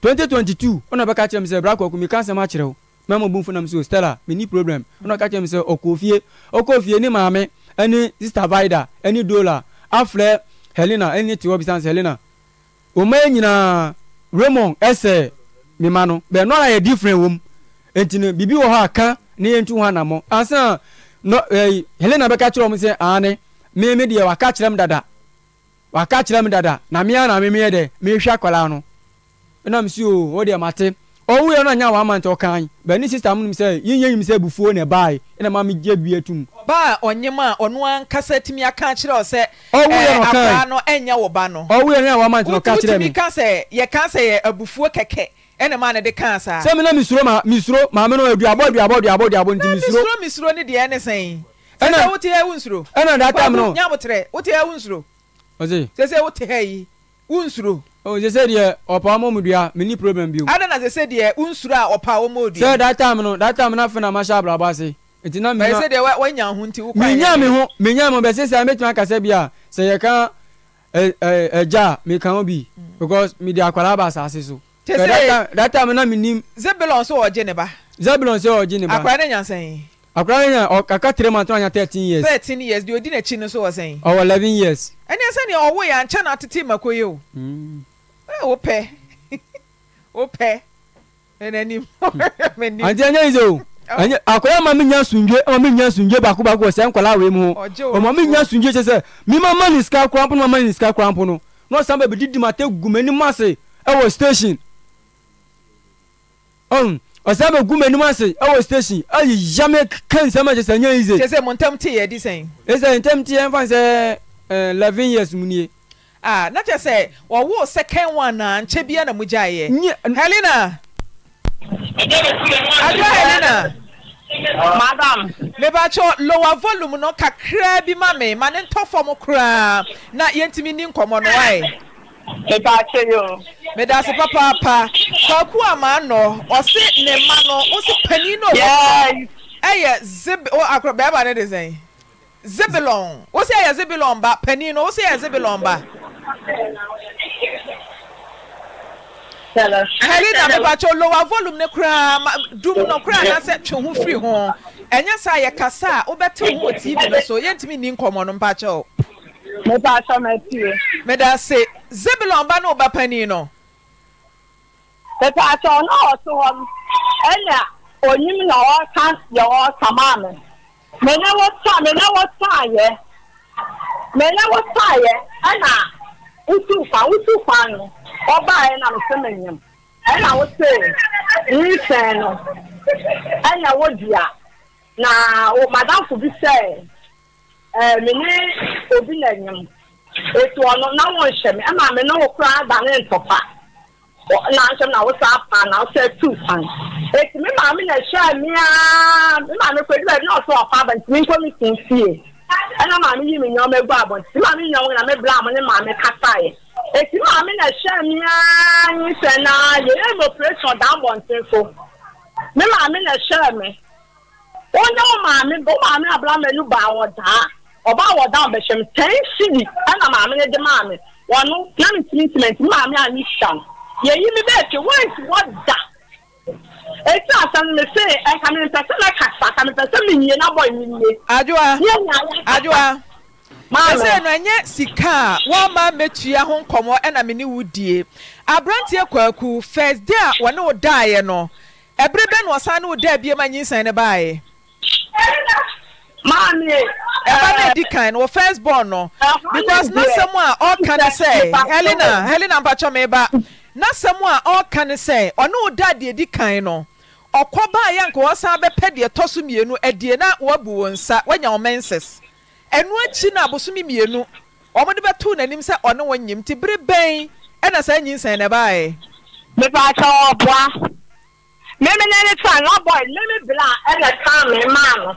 twenty twenty two ɔna bɛka kyerɛ mi sɛ bra kɔkɔ mi ka nsɛm akyerɛw mɛmo bu nfunam so stella mi ni problem ɔna ka kyerɛ mi sɛ ɔkɔ fie ɔkɔ fie ne maame ɛne sista vida ɛne dola aflɛ helena ɛne tiwɔ bisansi helena ɔmɛ nyinaa raymond ɛsɛ mema no bɛn no ara different wɔm nti no biribi wɔ hɔ aka ne yɛntu ho anammɔ ansa no ɛyi helena bɛka kyerɛ wɔn sɛ aane mmemme deɛ waka kyerɛ m dada waka kyerɛ m dada na mmea na mmemme yɛ dɛ mmehwɛ akwaraa no ɛnam si oh, o o deɛ mate ɔwu yɛ no anya wɔn amante ɔkan bɛn ne sista mu no sɛ yinyɛ yim sɛ bufuo na ɛbaa ɛna maa mi gye bie tum. ɔbaa ɔnyim a ɔno ankasa timi aka kyerɛ ɔsɛ ɛɛ abaa no ɛnyɛ wɔ ba no ɔwu yɛ no anya wɔn amante ɔka kyerɛ mi ɛna maa na de kan saa. sẹ́mi náà misuro maa misuro maame náà aduabọ aduabọ aduabọ aduabọ nti misuro. misuro misuro ni deɛ ɛne sɛn. ɛna sɛsɛ wote hɛ wunsuro. ɛna daa tam no. nyamu tirɛ wote hɛ wunsuro. ɔsi. sɛsɛ wote hɛ yi wunsuro. o sɛsɛ deɛ ɔpa ɔmɔ mu dua mi ni problem bi o. ada na sɛsɛ deɛ wunsuro a ɔpa ɔmɔ mu dua. sɛ daa tam no daa tam no afɛn na ma hyɛ abalaba ase nti na mina. bɛsɛ deɛ wanya ho nti wokɔ ayɛ. minya mi ho minya mi ho bɛsɛ sɛ mɛtuma kasa bi a sɛ yɛ kan ɛgya mi kan bi because mi de akwara aba asase so data data mi na mi nim. zebulon sọ ọjẹ ne ba. zebulon sọ ọjẹ ne ba. akwara ne nyansan yi. akwara ne nyansan ọkaka tiri ma tọ́ra nya thirteen years. thirteen years di odi n'ekyi ni so wọ sẹ́yìn. ọwọ eleven years. ẹni ẹsẹ ni ọwọ yà nkyẹn na tètè mako yi o. ẹ mm. o pẹ o pẹ ẹ n'anim. àti ẹ nyẹ ìzò akwara ma mi nya sunjẹ ma mi nya sunjẹ baako baako wọ sẹ nkwala awẹ mu ma mi nya sunjẹ sẹ mi ma ma ni sika kurampo ma ma ni sika kurampo no n'ọsàn bẹẹ bi didi ma te gume ni ma se ẹ station ɔn ɔsan bɛ gun mɛnum ase ɛwɔ station ayi yame kɛnsɛn a kyesɛ nye yize. kyesɛ mo ntɛm ti yɛ di sɛn. ɛsɛ ntɛm ti yɛ nfa sɛ ɛɛ eleven years mu nie. a na kyɛ sɛ wɔwo second one na nkyɛn bia na mo gya yɛ. helena. adwa helena. madam. mebakyɛ lower volume no kakra bi ma me ma ne ntɔ fam koraa na yɛntumi ni nkɔmɔ no wa Mpa akyere o. Medase papaapa. Kwaku Amano ɔsi ne ma no ɔsi panyin na ɔwɔ. Ɛyɛ zibi o akoro bɛɛba ne de zɛn. Zibilɔn ɔsi ɛyɛ zibilɔn ba panyin na ɔsi ɛyɛ zibilɔn ba. Helena Mepacho lower volume ne koraa ma dum no koraa anasɛ twe ho firi ho. Ɛnyɛ saa yɛ kasa a wobɛte ho wɔ TV no so yɛntumi ni nkɔmɔ no mpakyɛw. mepa asọ tie. zebulon na ọba panin nọ. mepa asọ ọ náà ọtọ hɔ onyim na ɔka yɛ ɔka maa mi mena wɔta mena wɔta yɛ mena wɔta yɛ na no sɛmɛ nyam ɛna na madamfo bi sɛ. Eh, me obi na enyem etu ọnụ na nwụ nhyem ma me ne okura ada ne ntọpa na nhyem na wosa apa na wosa etu fan etu me maame na ehyia mmea me maame kwedu baabi na ọsọ ọfa abantị me nkwa me sin fie ɛna maame yi me nyɔma egu abɔnti maame yi nyɔma na me bla mo ne maame kasa yɛ eti maame na ehyia mmea yi sɛ na yɛ yɛ mo operation da abɔnten so me maame na ehyia me onye wo maame bo maame abla mɛnu ba awɔ daa. ọba wọ down bẹhyẹ m ten cd ẹna maame ne de maame wọn na mi tìmí tìmí ntì maame a mi yẹyi mi bẹẹ twẹ wọn ti wọ da eti asan mi se ẹka mi mpẹsẹ mi kasa ka mi mpẹsẹ mi yie n'abọ mi yie. adua adua ɛsɛ no ɛnyɛ sika a wɔma mɛtua ho nkɔmmɔ ɛna me ne wo die aberanteɛ kwaku first day a wɔne wo daeɛ no ɛberɛ bɛ na ɔsan ne wo daa biama nyinsɛn ne baeɛ ɛba no adi kan no wɔ first born no because na sɛm a ɔrka ne sɛ helena helena mpakyɛ meeba na sɛm a ɔrka ne sɛ ɔne wo da deɛ di kan no ɔkɔ baa yɛ anka wɔsan bɛpɛ deɛ so mmienu adie na woabu nsa woanya wo menses ɛno akyi no abosomi mmienu ɔmode tu n'anim sɛ ɔne wɔ nyim nti bere bɛn ɛna saa nyinsɛn na ɛbaeɛ mepakyɛ ɔboa meme ne ne tan ɔbɔ meme bla ɛna kaa me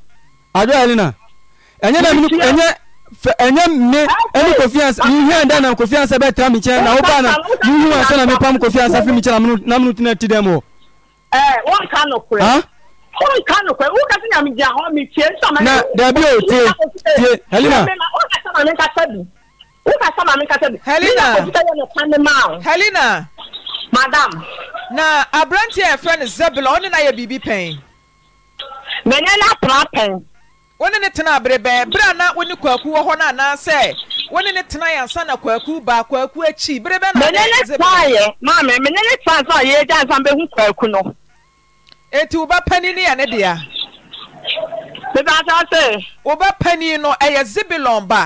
adwo ayɛ ne na ɛnyɛ na mene ɛnyɛ ɛnyɛ me ɛne kofiansa mehu ɛndɛ na kofiansa bɛtra me nkyɛn na woba na mehu ansa na mepam kofiansa firi me nkyɛn na meno tena ti dɛ eh, mɔ na dabi o tie tie helena helena helena madam na aberanteɛ yɛfrɛ no zebulon ɔne na yɛ biribi pɛn menyɛ no apra pɛn wone ne tena abere bɛɛ bere a na wone kwaku wɔ hɔ no anaasɛ wone ne tena yansa na kwaku baa kwaku akyi bere bɛ na mene ne taayɛ maame mene ne taa sɛ ɔyɛ agya nsa mbɛhu kwaku no eti wo ba pani ne yɛ ne dea mebaasa sɛ wo ba pani no ɛyɛ zibilon ba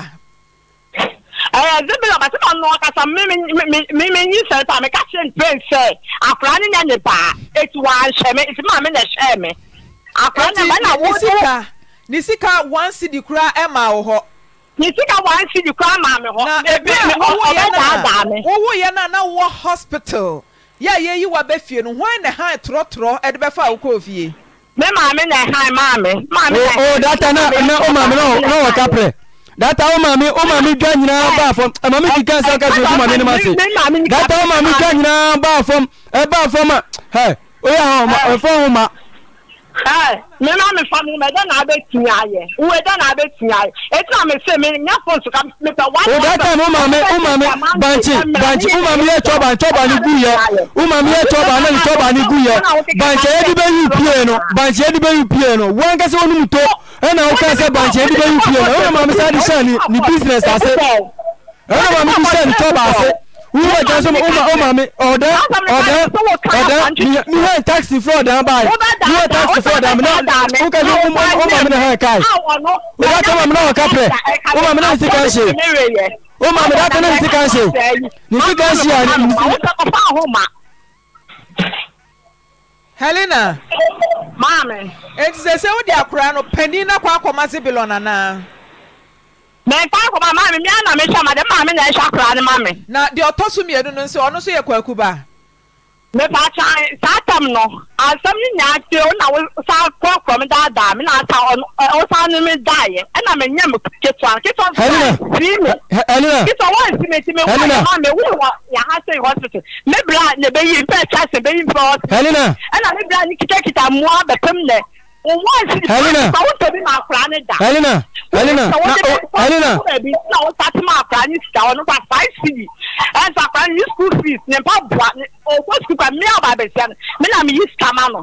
ɛyɛ zibilon ba sɛ na ɔno ɔkasa mmemme nyi sɛ sɛ meka kyerɛ mpɛn sɛ akora ne nya ne baa eti wɔanhyɛ me eti maame na ɛhyɛ me akora ne ba na wɔde wɔ ne sika one cd kura ɛma wɔ hɔ. ne sika one cd kura ma mi hɔ. na ebi a wowu yɛ na wowu yɛ na na wɔ hospital yɛ a yɛyi wa bɛ fie no wɔn na han torɔtorɔ ɛde bɛ fa awokɔ fie. ne maame na han maame. o o data na na o maame na o oh, oh, na o oh, kaprɛ data o maame o maame dwa nyinaa baa fam ɛ eh, maame kika nsa kasi o maame ne ma se data o maame dwa nyinaa baa fam ɛ eh, baa fam a hɛ o yɛ hɔn ma ɛfɔ eh, hɔn ma mema me fa me meda na abetumi ayɛ weda na abetumi ayɛ eti na me se me nya phone so ka me pa one o data mo ma me o ma me banchi banchi o ma me ye choba choba ni gu ye o ma me ye choba na ni choba ni gu ye banchi edi be yu pie no banchi edi be yu pie no wan ka se onu muto e na o ka se banchi edi be yu pie no o e ma me sa di sha ni ni business ase e na ma me di ni choba ase wúwo jẹ sọmọ ọmọ ọmọ mi ọdẹ ọdẹ ọdẹ mi hẹ taxi fún ọdẹ báyìí mi hẹ taxi fún ọdẹ mi náà n kẹbi ọmọ mi náà hẹ káyì ìwà kí ọmọ mi náà ọkà pẹ ọmọ mi náà ń sika ṣe ọmọ mi náà tẹ́lẹ̀ ń sika ṣe ní sika ṣe à ní. Helena. maame. ètùsẹ̀sẹ̀ wò di àkùrà no pẹ̀lú iná kọ́ akọ̀mọ́sí bìlọ̀ nànà mẹka akọba maami mi ana mi hyɛ ma de maami na ɛhyɛ akora ne maami. na deɛ ɔtɔ so mmienu no nso ɔno nso yɛ kwakuba. mepa kyan saa tam no asɛm ne nyaa kye o na wosan kɔ kɔm daadaa mi na asa ɔsan mi daayɛ ɛna mi nyɛ mi ketewa ketewa fira firi mi ketewa mi ti mi wɔ yɛ maami wɔ wɔ yaha se hospital mi bra ne bɛ yi mpɛ kyase bɛ yi hospital mi bra ne Helena Helena Helena Helena ɛnsa kwan ni school fees ne mpa bua ɔkɔ school kwan mi aba abɛsia no mi na mi yi scammer no.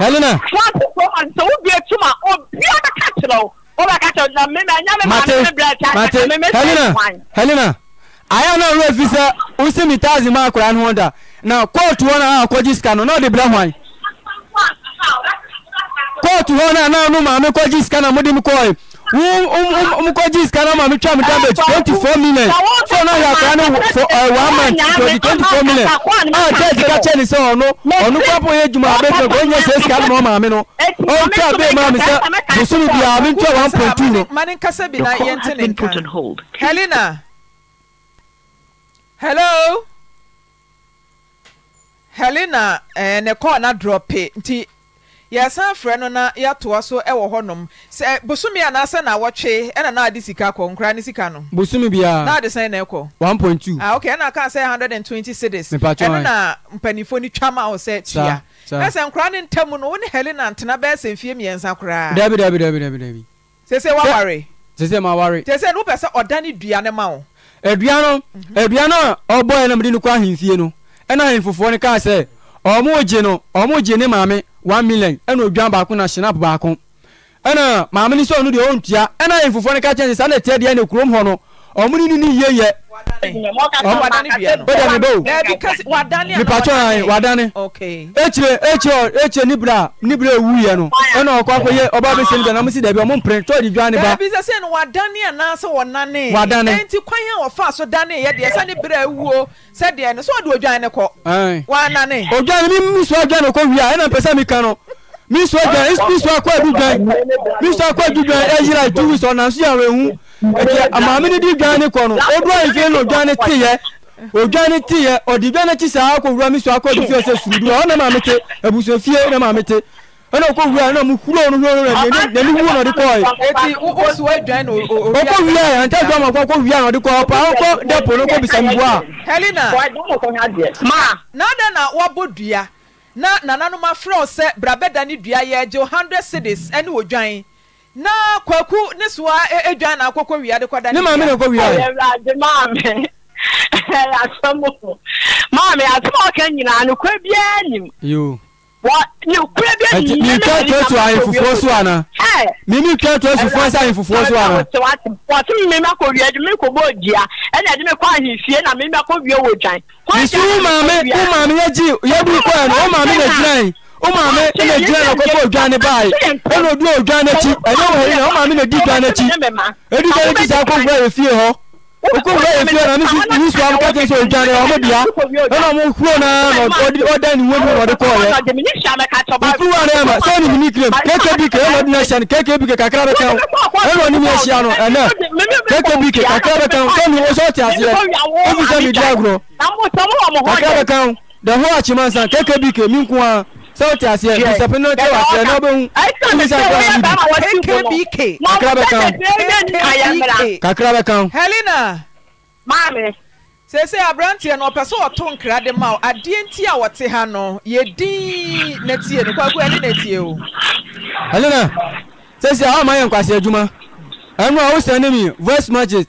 helena. fún àtúntò ọmọ nsọ wúbi etu ma obi ọba kàkyerɛ o ọba kàkyerɛ na mi na ẹnyẹ mi maa mi bẹrẹ ẹkyẹ ẹkyẹ mi mi sẹ kwan. helena aya náà wúlò fi sẹ wusi mi taazi maa kura ni wọn da na kóòtù wọn náà akɔji sika no náà ɔde bẹrẹ hwan kóòtù hɔ náà náà no maame kɔ gyi sika na mo de mi kɔɛ mo kɔ gyi maame twa mi damage twenty four million so na yà kura ne eh, one month twenty twenty four million a ah, jɛji ka kyɛ ne sɛ ɔno ɔno kɔpɔ yɛ juma abe fɛ ko nyɛ sɛ sika no ma maame twa abe maame sɛ bosomi bi a mi twa one point two no. mani kasa bi na yɛn ti ne kan helena hello helena ɛɛ eh, ne kɔɔ na drɔpe nti. yɛsan frɛ no na yɛatoa so wɔ hɔnom sɛ anaasɛ na wɔtwe na ade sika kɔ nkora ne sika no na ade sɛn na ɛkɔ 1.2 ah ɛna kaa sɛ 120 cities ɛno na mpanimfoɔ no twa ma wo sɛ tua ɛsɛ nkora ne ntam no wo ne ntena bɛɛ sɛ mfie mmiɛnsa koraa dabi dabi dabi dabi dabi sɛsɛ waware sɛsɛ sɛsɛ no wopɛ sɛ ɔda ne dua ne ma wo no mhm. no a ɔbɔɛ na mede no kɔ ahemfie no ɛna ahemfofoɔ no kaa sɛ ɔmo no ne one million ɛna odwan baako na shinap baako ɛna maame ni sɛ ɔno deɛ ɔntua ɛna mfufoɔ no ka kyɛn sɛ saa na ɛteɛ deɛ na kurom hɔ no ọmọ nínú ní iye yẹ ọmọ adani bia no bẹẹ dẹni bẹẹ o ekyire ekyire ekyire nibira nibira ewu yẹ no ẹna ọkọ akọ yẹ ọba bẹ sẹni dana dẹbi ọmọ mpẹrẹ tọọdi dwa ni ba. bẹẹbi sẹ sẹni wa dani anase wọ nani wa dani eti kwan yẹn wọfa so dani yẹ diẹ sani bira ewu o sẹ diẹ ni sọ ọdi odwa ni kọ wa nani. odwa ni mi mi sọ odwa ni kọ wia ẹna mpẹsẹ mi kan no mi sọ odwa mi sọ akọ edu dwan mi sọ akọ edu dwan ẹ yira two weeks ọ̀nà nsọ yà wẹ̀ ɛkyɛ amaame ne di dwane kɔ no ɔduru ahemfie no odwane teyɛ odwane teyɛ ɔde dwane akyi saa akɔwura me so akɔde fie sɛ surudu a ɔna maame te abusuafie na maame te ɛna ɔkɔwura na mu huro no huro no n'ani wu na ɔde kɔɔɛ ɔkɔwura anta dwa ma ɔkɔwura na ɔde kɔɔ pa ɔkɔ dɛpo no kɔbisa mbua. helena ma na na wabɔ dua na nananom afrɛ ɔsɛ brabɛda ne dua yɛ gye hundred cities ɛne odwan. na kwaku ne soa edwa e, na akɔkɔ wia de kɔda ne maame na kɔ wia yɛ ɛwurade maame asɛm maame asɛm a ɔka nyinaa no kura biara nim yoo wɔ ne kura biara nim ne kura fufuo so ana mimi kura to fufuo sɛ ayi fufuo so ana wɔte mi mimi akɔ wia de mi kɔ bɔ odua ɛna de mi kɔ ahemfie na mimi akɔ wia wɔ dwan. nisu maame wo maame yɛ gyi yɛ bu kɔ yɛ no wo maame na gyina yi maame na gyina na kɔkɔ odwane baae ɛna odu odwane akyi ɛnyɛ wɔ hɛyi na wo maame na di dwane akyi ɛdi dwane akyi saa kɔwura yɛ fie hɔ okɔwura yɛ fie na ne ne sua ka kyerɛ sɛ odwane ɔmo dua ɛna ɔmo huro na ɔda ne wuo bi na ɔde kɔɔyɛ okuruwa no ɛma sɛ ɔne mini krem kkb ke ɛna ɔde no ahyɛ no kkb ke kakra bɛka ho ɛna ɔne mi ahyia no ɛnɛ kkb ke kakra bɛka ho sɛ ne wo sɛ ɔte aseɛ obi sɛ medi agorɔ kakra bɛka ho the whole akyimansa kkb ke mi nko ara sɛ wote aseɛ msɛpe no te waseɛ na wobɛhu kakra bɛka kakra bɛka helena maame sese aberanteɛ no ɔpɛ sɛ ɔto nkra de ma wo adeɛ nti a wɔte ha no yɛdin na tie no kwaku ɛne na tie o helena sese a ɔma yɛ nkwase adwuma ɛno a wosɛne mi voice message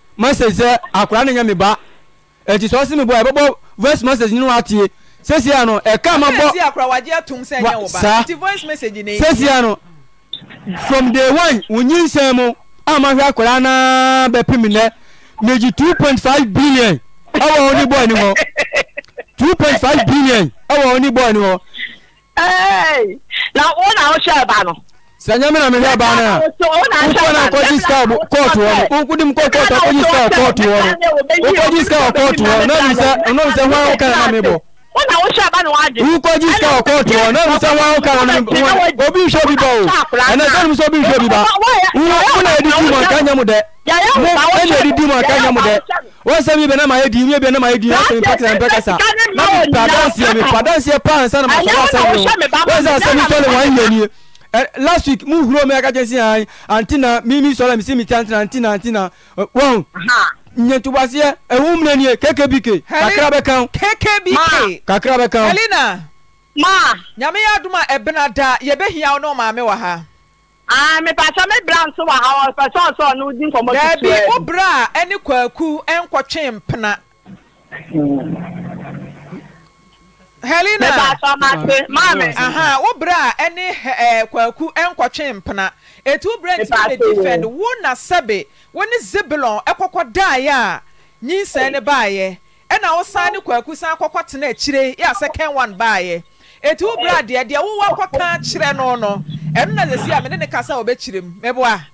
sɛ akora ne nyɛ me ba ɛti e sɛ si me bɔ ɛbɛbɔ voice message ne no atie sesia no ɛka ma bɔ sesia no from day one wonyinsɛn mu ama hwɛ akwadaa naa bɛpem nɛ billion ɛwɔ wɔn ni bɔɔl ni hɔ billion ɛwɔ wɔn ni bɔɔl ni hɔ. na wọn na ọsẹ ẹba no. sanyami na mi na nkɔ na kɔji sika kɔɔtu no mu kɔ kɔɔtu kɔɔtu no kɔɔtu no n'o n'o k ssb laseek m nyantubaseɛ ɛhu mmerɛ nie kkbk kakra bɛka kkbk kakra bɛka helena ma nyame yɛ adom a ɛbena da yɛbɛhia wo ne wo maame wɔ ha mepɛsɛ me bra nso wɔ ha ɔpɛ sɛ ɔsɛ ɔno di nkɔmmɔ daabi wo bra a ɛne kwaku ɛnkɔtwe mpena hmm. helena wo berɛ a ɛne eh, eh, kwaku ɛnkɔtwe mpena ɛti wo berɛ ntimi ne defend wo na sɛbe wo ne zebelon ɛkɔkɔ daeɛ a nyinsɛe ne baayɛ ɛna wo san ne kwaku san kɔkɔ tena akyire yɛ a second one baayɛ ɛti wo berɛ a deɛ deɛ wowɔ akɔka kyerɛ no no ɛno na sɛsi a mene ne ka sɛ wɔbɛkyirɛ m mɛboa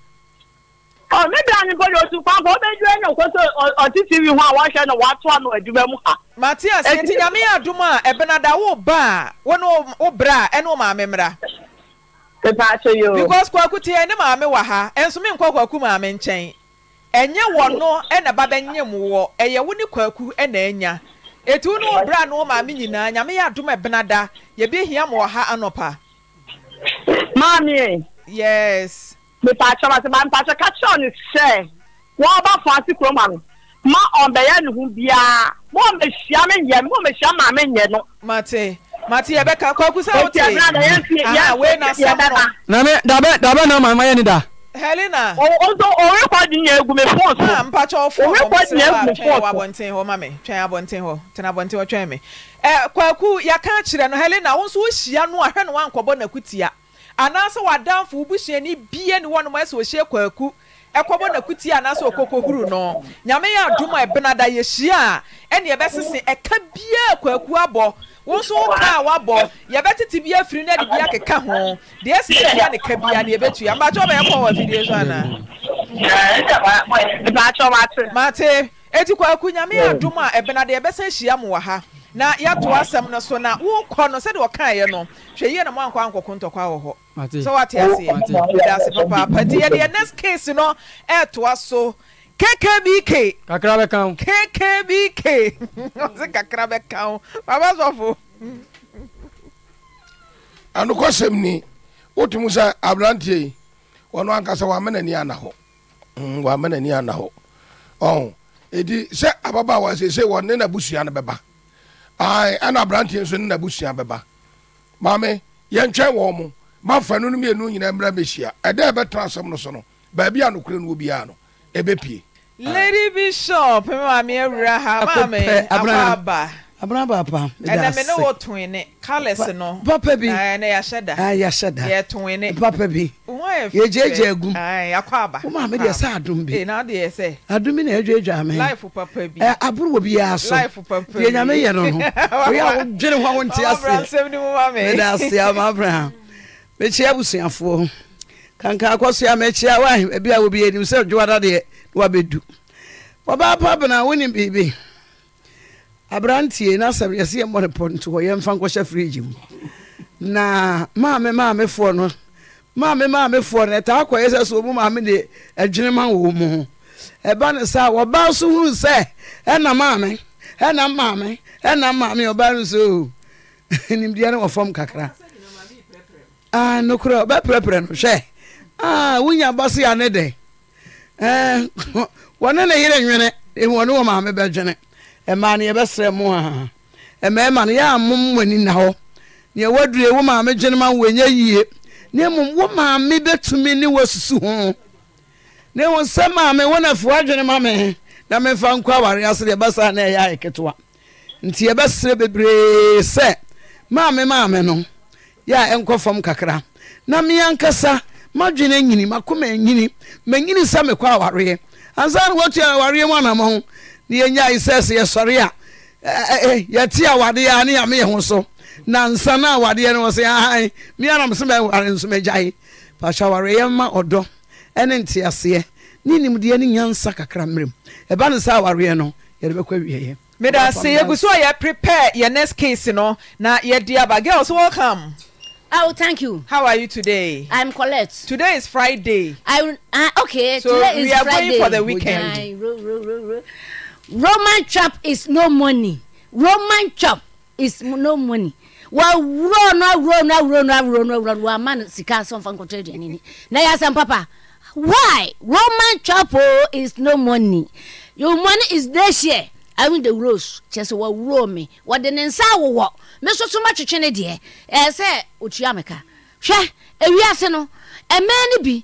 ọ mebi anyị bọrọ otu kwa afọ omeju enyi okwesị ọtịtị ihu a wahyɛ na watoa no adwuma mụ ha matias nti nyame yɛ a ɛbenada wo ba a wo eh, eh, ne eh, wo brɛ a ɛne wo maame mmra because kwaku ba wo kwaku maame nyinaa mepakyɛ ma sɛ mampakyɛ ka kyerɛ ne sɛ wɔn ɔba fɔ ase kurom ano ma ɔbɛyɛ ne ho biara ma ɔmɛhyia me nyɛ ma ɔmɛhyia maame nyɛ no. mate mate yɛbɛka kɔku sɛ wote aha wei na sɛm no. na me dabe dabe na mama yɛ ni da. helena. ọ̀hún ọ̀hún kọ́ di yẹn egu mi fọ́ọ̀n so. mpatsọ fún ọmọ mi sẹ wa twẹn abọnten hɔ mami twẹn abọnten hɔ tẹn abọnten hɔ twẹn mi. ɛ eh, kɔku yaka kyerɛ no helena wọn nso wɔn hyia no ahwɛ no wɔn ankɔbɔ n'akutia. anaasɛ wadanfo wo busuani bie ne wɔnom ɛsɛ ɔhyia kwaku ɛkɔbɔ nakuti anaasɛ huru no nyame yɛ adom a ɛbena da yɛhyia a ɛne yɛbɛsese ɛka biaa kwaku abɔ wo nso wo kaa wabɔ yɛbɛtete bi afiri na ade bi akeka ho deɛ ɛsi sɛ bia ne ka bia ne yɛbɛtua mbakyɛ wobɛyɛ kɔ wɔ afidie so anaa mate eti kwaku nyame yɛ adom a ɛbena ya ebesa hyia mo wɔ ha na yɛato asɛm no so na wokɔ no sɛdeɛ ɔkaeɛ no hwɛ yie na moankɔ ankɔko ntɔkwa wɔ hɔ sɛ woate aseɛ dase oh, papaapa nti yɛdeɛ next case no ɛɛtoa so kkbk kakra bɛka kkbk ɔse kakra bɛka wo baba sɔfo anokɔsɛm ni wotumi sɛ aberanteɛ yi ɔno ankasa wama n'ani ana hɔ mm, wama n'ani ana hɔ ɔn ɛdi sɛ ababaawa sɛ sɛ wɔne n'abusua no bɛba ayi ɛna aberanteɛ nso ne na busua bɛba maame yɛntwɛn wɔn mo mafa no mmienu nyinaa mmerɛ bɛhyia ɛdɛ ɛbɛtena asɛm no so no baabi a nokorɛ no wɔ biara no ɛbɛpie lady bishop maame awura ha maame akɔ aba abena papa ɛnna mi ne wo tun ne colours no papa bi ɛnna yahyɛ da ɛnna ah, yahyɛ da yɛ tun ne papa bi yɛgyegye egum yakɔ aba wɔn maame deɛ sɛ adum bi ɛnna deɛ sɛ adum bi na ɛdwadwa ame life papa bi ɛ aburo wɔ bi yɛ aso life papa bi deɛ nyame yɛ no no oyɛ awo dwene ho awo nti ase ɔbransɛm ni mo ma mi ɛda ase ama abraham mekyia abusuafoɔ kankan akɔsoa mekyia awa. ebi a obi yɛ enim sɛ dwada deɛ wa bɛ du wɔbaa pa bena wɔnim biribi. aberantie na asɛm yɛsɛ yɛmmɔ ne pɔnto hɔ yɛmfa nkɔhyɛ frigi mu na maame maamefoɔ no maame maamefoɔ no ɛtaa kɔyɛ sɛ so mu maame de adwene ma wɔ mu ho ɛba ne saa wɔbaa so huru sɛ ɛna maame ɛna maame ɛna maame ɔbaa no so nimdeɛ no wɔ fam kakra nokorɛ ɔbɛprɛprɛ no hwɛ wonya ba se a ne dɛ wɔne ne yere nwene wɔne wɔ maame bɛdwene mmaa no yɛbɛsrɛ mo a mmarima no yɛamom w'ani na hɔ neɛ waduru wo maame dwene ma wɔnyɛ yie na mmom wo maame bɛtumi ne wasusu ho na mmom sɛ maame wo na fua adwene ma me na memfa nkɔ aware ase deɛ ɛbɛsa na ɛyɛ ayɛ ketewa nti yɛbɛsrɛ bebree sɛ maame maame no yɛ a ɛnkɔ fam kakra na me ankasa madwene nyini makoma nyini manyini sɛ mekɔ awareɛ ansa na watua awareɛ mu anammɔ nyanyaye sɛsɛ yɛsɔre a yɛte a wadeɛa ne ya meyɛ ho so na nsano a wadeɛ no wɔ sɛ meyɛram sɛ mɛware nsomgyae paa areɛ ma ɔdɔ ne nteaseɛ ne nimdeɛ ne nyansa kakra mmerɛm ba ne sa wareɛ noyɛebɛwiɛmedes yɛgu so a yɛ prepare yɛnes case no na yɛdebalsf roman chop is no money roman chop is no money wawuro no awuro no awuro no awuro no awuro no wama no sika asɔnfa nkɔtɔ aduane ni na yɛ papa why roman chop o oh, is no money your money is there share i mean the rose kyerɛ sɛ wawuro Wa wɔde ne nsa awowɔ me nso so matwetwe ne deɛ ɛɛ sɛ otua meka hwɛ ewiase no ɛmɛn no bi.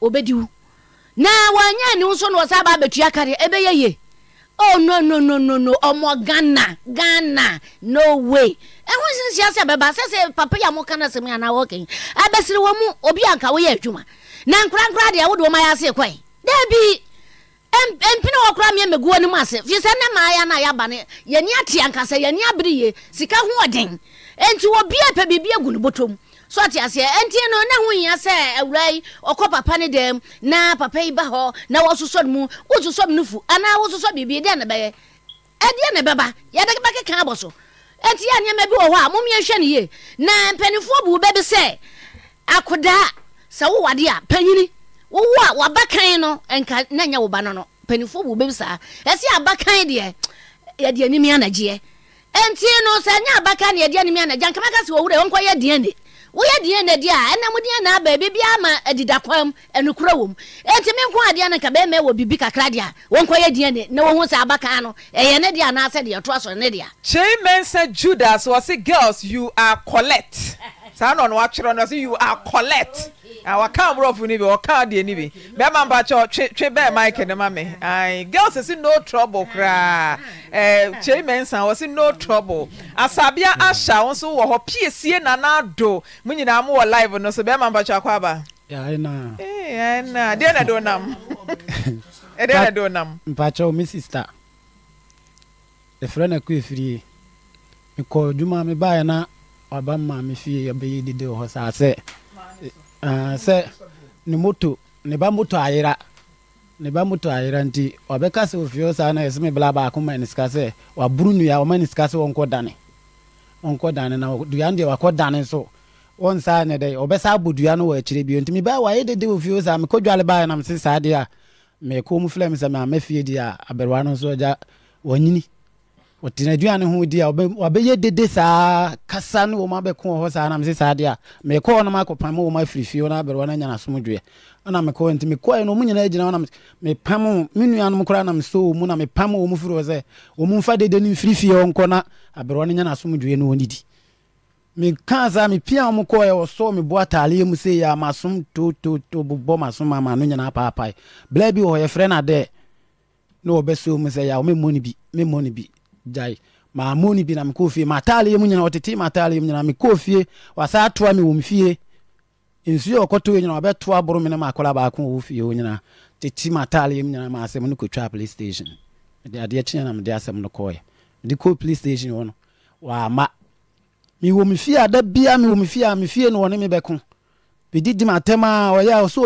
obedi na wanyɛ ni nso na ɔsan ba abetua ebe ebɛyɛ yie oh no no no no no ọmọ ghana ghana no way ẹhun e sisi ase abẹba sẹsẹ papa yi a mo kan na sẹmi ana wọkẹ abẹsiri wọn mu obi anka nka woyɛ adwuma na nkorankora deɛ awodo wɔn ayɛ ase kɔɛ dɛbi mpini wɔ kora mmiɛn megu wɔn ase fisɛ ne maa ya na yaba ne yɛn ni ate ankasa yɛn ni abiri yie sika ho ɔden nti obi a pɛ biribi egu ne bɔtɔ mu so ate aseɛ ɛnti no na hu hia se awurai yi ɔkɔ papa ne dem na papa iba ho na wo soso mu wo soso mu wososɔ no fu anaa wososɔ biribi deɛ ne bɛyɛ ɛdeɛ ne bɛba yɛde bɛkeka abɔ so ɛnti yɛ nneɛma bi wo ho a momeɛhwɛ no ye na mpanimfoɔ bu se akoda se wo wade a panyini wo a wabakan no enka na nya wo ba no no mpanimfoɔ bu bɛbi saa ɛsɛ abakan deɛ yɛde anim anagyeɛ ɛnti no sɛ nyɛ abakan ne yɛde anim anagyeɛ anka mɛka sɛ wɔwura wɔnkɔyɛ de ne woyɛ deɛ na deɛ a ɛnam deɛ na aba ebi ama adida kwan mu ɛnukura wɔ mu mi nko adeɛ no kaba wɔ bibi kakra deɛ a wɔn kɔ yɛ deɛ na wɔn ho sɛ abakan no ɛyɛ ne deɛ anaasɛ deɛ ɛto asɔ ne deɛ. chain mensa judas wɔ si girls you are collect saa na ɔno atwerɛ no ɔsi you are collect. Ah, wɔka aborɔfo ni bi wɔka adeɛ ni bi bɛrima mpakyɛ twe twe bɛɛ maike ne ma mi ayi girls si no trouble koraa eh, ɛɛ kyei mɛnsa wɔsi no trouble asabea ahyɛ wɔn nso wɔ hɔ pie sie nana do mu nyinaa mu wɔ live no so bɛrima mpakyɛ akɔ aba. yaayi na. ee yaayi na deɛ na do nam deɛ na do nam. mpakyɛ o mi sista efirɛ na kó efiri mekɔ dwuma mi baa yɛ na ɔba mi fi yɛ bɛyɛ didi wɔ hɔ saa sɛ. Ah, sɛ ne moto ne ba moto ayera ne ba moto ayera nti ɔbɛka sɛ ofie saa na yɛsɛ me bla baako ma ne sika sɛ waburu nnua ɔma ne sika sɛ wɔnkɔ dane wɔnkɔ dane na dua no deɛ wakɔ dane so wɔnsaa ne dɛ ɔbɛsa abɔ dua no wɔ akyire bio nti mebaa wayɛ dede ofie saa mekɔ dwale baeɛ nam se saa deɛ a mekɔ mu filɛ me sɛ meamɛ fie deɛ a aberewa no nso agya wɔnyini wɔde n'aduane ho di a wabɛyɛ dede saa kasa ne wɔn abɛko wɔ hɔ saa na mese saa deɛ a mekɔ hɔ nom akɔpam wɔn afiri fie hɔ no abɛrɛ wɔn anya n'asom dwoɛ ɛna mekɔ nti mekɔ no wɔn nyinaa gyina hɔ mepam me nuanom koraa na mesɔ wɔn mu na mepam wɔn firi hɔ sɛ wɔn mfa dede no mfiri hɔ nkɔ na abɛrɛ wɔn anya n'asom dwoɛ no wɔn didi saa mepia wɔn kɔɔ yɛ wɔsɔ me bo mu sɛ yɛ amasom tototo bobɔ masom ama no nyinaa paapae blɛ bi wɔ hɔ yɛfrɛ no adɛ na wɔbɛsɔ mu sɛ yɛ a wɔmemmɔ no bi memmɔ no bi jai maamuni bina mkufye matali munyana otiti matali munyana mikufye wasatua mi wumfie nsuo ɔkɔtɔ yɛ nyina ɔbɛtoa boro mene ma akɔla baako ɔwɔ fie o nyina tete matale mu nyina ma asɛm no police station mede adeɛ kyeɛ na mede asɛm no kɔɔyɛ mede kɔ police station hɔ no waama mewɔ me fie a da bia mewɔ me fie a me fie no ɔne me bɛko bɛdi di matɛm a ɔyɛ a ɔsɛ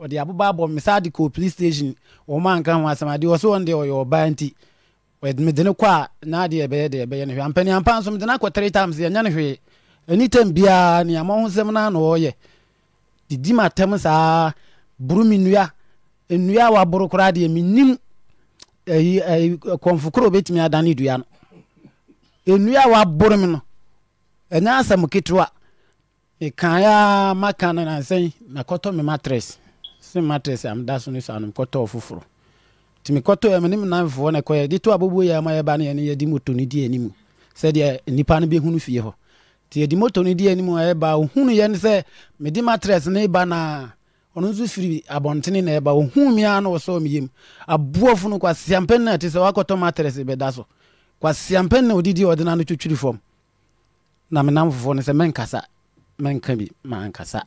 ɔde aboba abɔ me saa de kɔ police station wɔn a nka ho asɛm adeɛ ɔsɛ wɔn deɛ ɔyɛ ɔbaa nti mede ne kɔ a na adeɛ ɛbɛyɛ deɛ ɛbɛyɛ ne hwee ampanimpa nso mede no akɔ three times yɛnyɛ ne hwee anytime biara neama ho nsɛm no ana ɔyɛ didi ma tɛm saa buru me nnua nnua a waboro koraa deɛ menim kɔmfo korɔ obɛtumi adane dua no nnua a waboro me no ɛnyɛ asɛm ketewa mekaeɛ a maka no nansɛn nakɔtɔ me matress si matress am da so no so anom kɔtɔɔ foforɔ nti mekɔtɔɔ ɛm ne menamfoɔ no ɛkɔyɛ de to abobo yɛ ma yɛba no yɛno yɛde moto no di anim sɛdeɛ nnipa no bɛhunu fie hɔ nti yɛde moto no di anim ɛba ohunu yɛ no sɛ mede matress no ba naa ɔno nso firi abɔntene na ɛba ohun mia no wɔsɔ mi yam aboɔfo no kwasiampɛn na ɛte sɛ wakɔtɔ matrɛs bɛda so kwasiampɛn na odidi ɔde na no twitwiri fam na menam fofoɔ no sɛ mɛnkasa mɛnka bi mankasa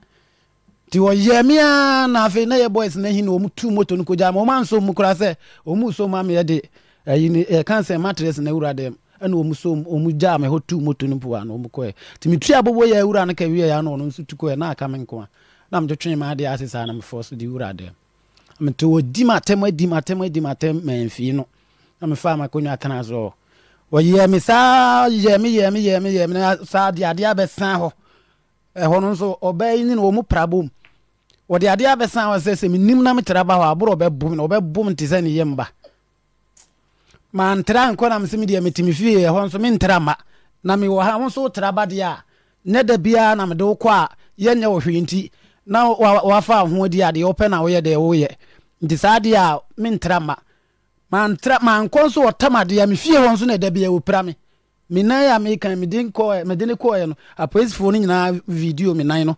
nti wɔyɛ mea na afei na yɛ boys no hine tu moto no kogya ma ɔma nso mu kora sɛ ɔmu so eh, ma meyɛ de ɛka sɛ matres na awura dɛm ɛna ɔmu so ɔmu gyaa me tu moto no pua na ɔmu kɔɛ nti metua bobɔ yɛ awura no kawie ya na ɔno nso tu kɔɛ na aka me nko a na mede twee ma adeɛ ase saa na mefɔ so de wura dɛm nti wɔdi m atɛm adi m atɛm adi m atɛm mamfii no na mefaa makɔnwa akana so wɔyɛ me saa yɛ me yɛ me yɛ me yɛ me saa hɔ ɛhɔ no nso ɔbaa yi ne na ɔmu prabom wɔde adeɛ abɛsan wɔ sɛ sɛ menim na metra ba hɔ aborɔ ɔbɛbom na ɔbɛbom te sɛ ne yɛ mba mantra nkɔ nam sɛ medeɛ metimi fie ɛhɔ nso mentra ma na mewɔ ha wo nso wotra ba deɛ a nɛ da biara na mede wo kɔ a yɛnyɛ wɔ hwee nti na wafa ho di adeɛ wopɛ na woyɛ deɛ woyɛ nti saa deɛ a mentra ma mantra mankɔ nso wɔtam adeɛ a mefie hɔ nso na ɛda biara wɔpira me menan a mekan mede ne kɔɛ no apolisifoɔ no nyinaa video menan no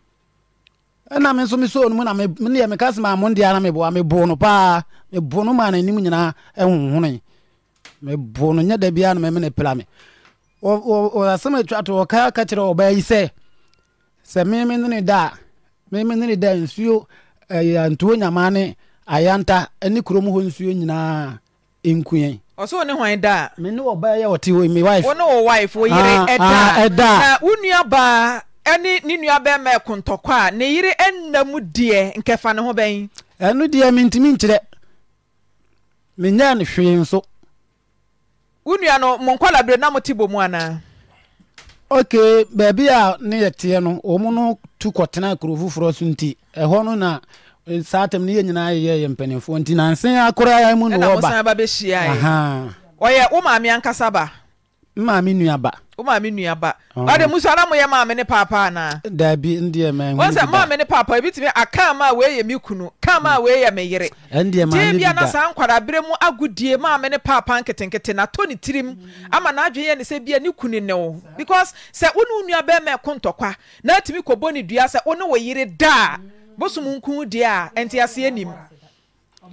ɛna me nso mesoo no mu na meneɛ meka sɛ maamo ndeɛ na meboa meboo no paa meboo no maa n'anim nyinaa ɛhonhone meboo no nyɛ da biaa no mɛmene pela me asɛm atwa to ɔka ka kyerɛ ɔbaa yi sɛ sɛ meme ne ne da a meme ne da nsuo ntuo nyamaa ne ayanta ne kurom hɔ nsuo nyinaa ɛnkuɛ ɔsɛ wo ne hwan da a mene ɔbaa yɛ ɔte hɔ mi wife wo ne wo wife wo yere ah, ɛda ah, na wo nua baa ɛne ne nua bɛrima ɛkontɔkɔ a ne yere ɛnna mu deɛ nkɛfa ne ho bɛn. ɛno deɛ mentumi nkyerɛ menyɛɛ no hwee nso. wo nua no mo nkɔla bere na mo te bɔ mu ana. ok beebi a ne yɛ teɛ no wɔn no tu kɔtena kuro foforɔ so nti ɛhɔ no na eh, saa atam ne yɛ nyinaa yɛ yɛ mpanimfoɔ nti nansen akora mu na wɔba ɛna mo san ba bɛ hyia yi ɔyɛ wo maame ankasa ba. maame nua ba. wo maame nuaba ɔde musu ana moyɛ maame ne paapa anaa daabi ndeɛ mahu sɛ maame ne paapa ebitumi aka ma a weeyɛ me kunu ka ma a weeyɛ me yere tie bia na saa nkwara berɛ mu agodie maame ne paapa nketenkete na tɔ ne tirim ama n'adwene yɛ ne sɛ bia ne kunu ne wo because sɛ wo ne wo nua bɛrima ɛko ntɔkwa na atumi kɔbɔ dua sɛ wo ne wo yere da a bosom nku deɛ a ɛnte aseɛ nim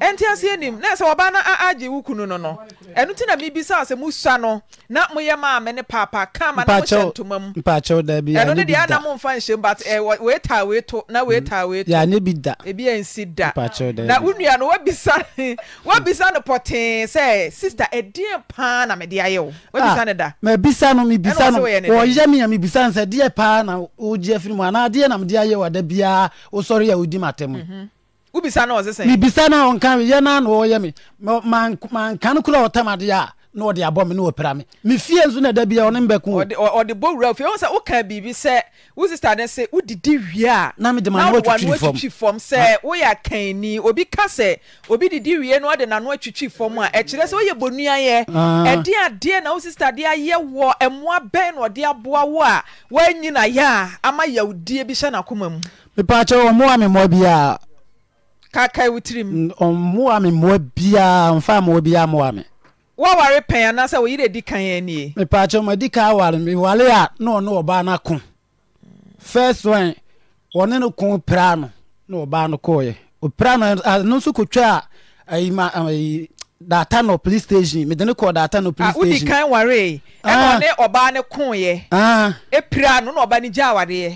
ɛnti ase anim na sɛ ɔbaa no agye wo kunu no no ɛno nti na mebisa sɛ mosua no na moyɛ maame ne paapa kama na mohyɛ ntoma mu ɛno ne deɛ ana momfa nhyɛm but eh, weetaa weeto na weetaa mm. weeto bi da ebi ansi da na wo nua no wabisa wabisa no pɔtee sɛ sista ɛdeɛ paa na mede ayɛ wo wabisa ah, ne da mabisa no mebisa no wɔyɛ me a mebisa no sɛ deɛ paa na wogye afiri mu anaa deɛ na mede ayɛ wo ada biara wosɔre a wodi matɛm wobisa na ɔse sɛ mebisa na ɔnka me yɛ na na ɔyɛ me manka no kora ɔtam adeɛ a na ɔde abɔ me ne ɔpira me mefie nso na da bia ɔne mbɛko ɔde bɔ wura fie sɛ woka biribi sɛ wo sister ne sɛ wodidi wie a na mede ma no atwitwi fam sɛ woyɛ akanni obi ka sɛ obi didi wie na ɔde nano atwitwi fam a ɛkyerɛ sɛ woyɛ bonuayɛ ah. ɛde adeɛ na wo sister de ayɛ wɔ ɛmmoa bɛn na ɔde aboa wo a woanyinayɛ a ama yawdie bi hyɛ n'akoma mu mepaakyɛ wɔ mmoa kakae wo tirim mmoa me mmoa biaa mfa mmoa biaa mmoa me wɔware pɛn anaasɛ woyere adi kan ɛ nie mepaakyɛ ma adi kan aware meware a na ɔne ɔbaa first one nso a ma ayi data nọ police station police station kan ah.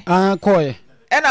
ah. na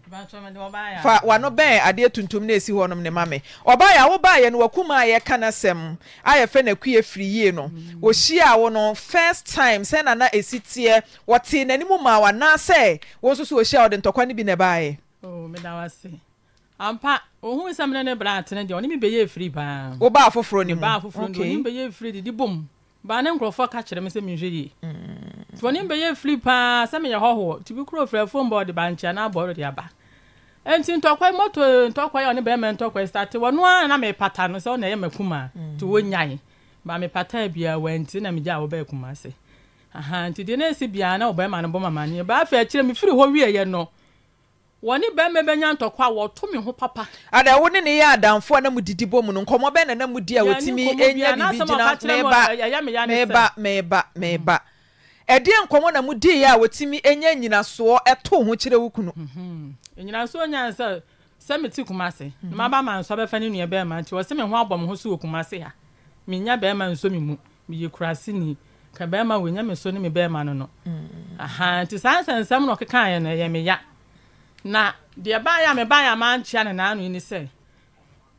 fa wano bɛn adeɛ tuntum na esi hɔnom ne mame ɔbaa yɛ awobaa yɛ no wakuma a yɛka n'asɛm a yɛfɛ na kue firi yie no mm. wɔhyia wo no first time sɛ nana esi teɛ wɔte n'anim ma wa naasɛ wɔn nso so wɔhyia ɔde ntɔkwa no bi na ɛbaayɛ. ooo oh, meda wase ampa ohun nsɛm ne ne bra atene deɛ ɔne mi bɛyɛ efiri paa. wo baa foforɔ ne mu baa foforɔ ne mu ɔne mi bɛyɛ efiri didi bom baa ne nkurɔfoɔ ka kyerɛ mi sɛ mi nhwɛ yie mm. tɔne mi bɛyɛ efiri paa sɛ mi yɛ hɔhoɔ tibi kuro fom bɔ ɔde ba nkyɛn na ɔde aba nti ntɔkwa moto ntɔkwa yi a ɔne bɛrima ntɔkwa start wɔn a na mepata no sɛ ɔna ɛyɛ mɛkuma mm. ti wonyae ba mepata bia wɔnti na megya a wɔbɛɛ kuma se aha nti deɛ n'esi bia na ɔbɛrima no bɔ mama ne ba afɛ akyire mi firi hɔ wie yɛ no wɔne bɛrima bɛnya ntɔkwa a wɔto mi ho papa. ada wo ne ne yɛ adamfo a na mu didi bɔ mu no nkɔmɔ bɛ na na mu di a wotumi enya bibi gyina meba meba meba mm. meba ɛdeɛ nkɔmɔ na mu di yɛ a wotumi enya nyinasoɔ ɛto ho kyerɛ wo kunu. Mhm nyina so onya sɛ sɛ mete kumase na mhm. maba ma nso bɛfa ne nua bɛrima nti wɔsɛ me ho abɔ me ho so wɔ kumase ha menya bɛrima nso me mu meyɛ kurase ni ka bɛrima wɔnya me so ne me bɛrima no no mm. aha nti saa nsɛnsɛm na ɔkekaeɛ no ɛyɛ meya na deɛ baayɛ a mebaayɛ a mankyea ne naano yi ne sɛ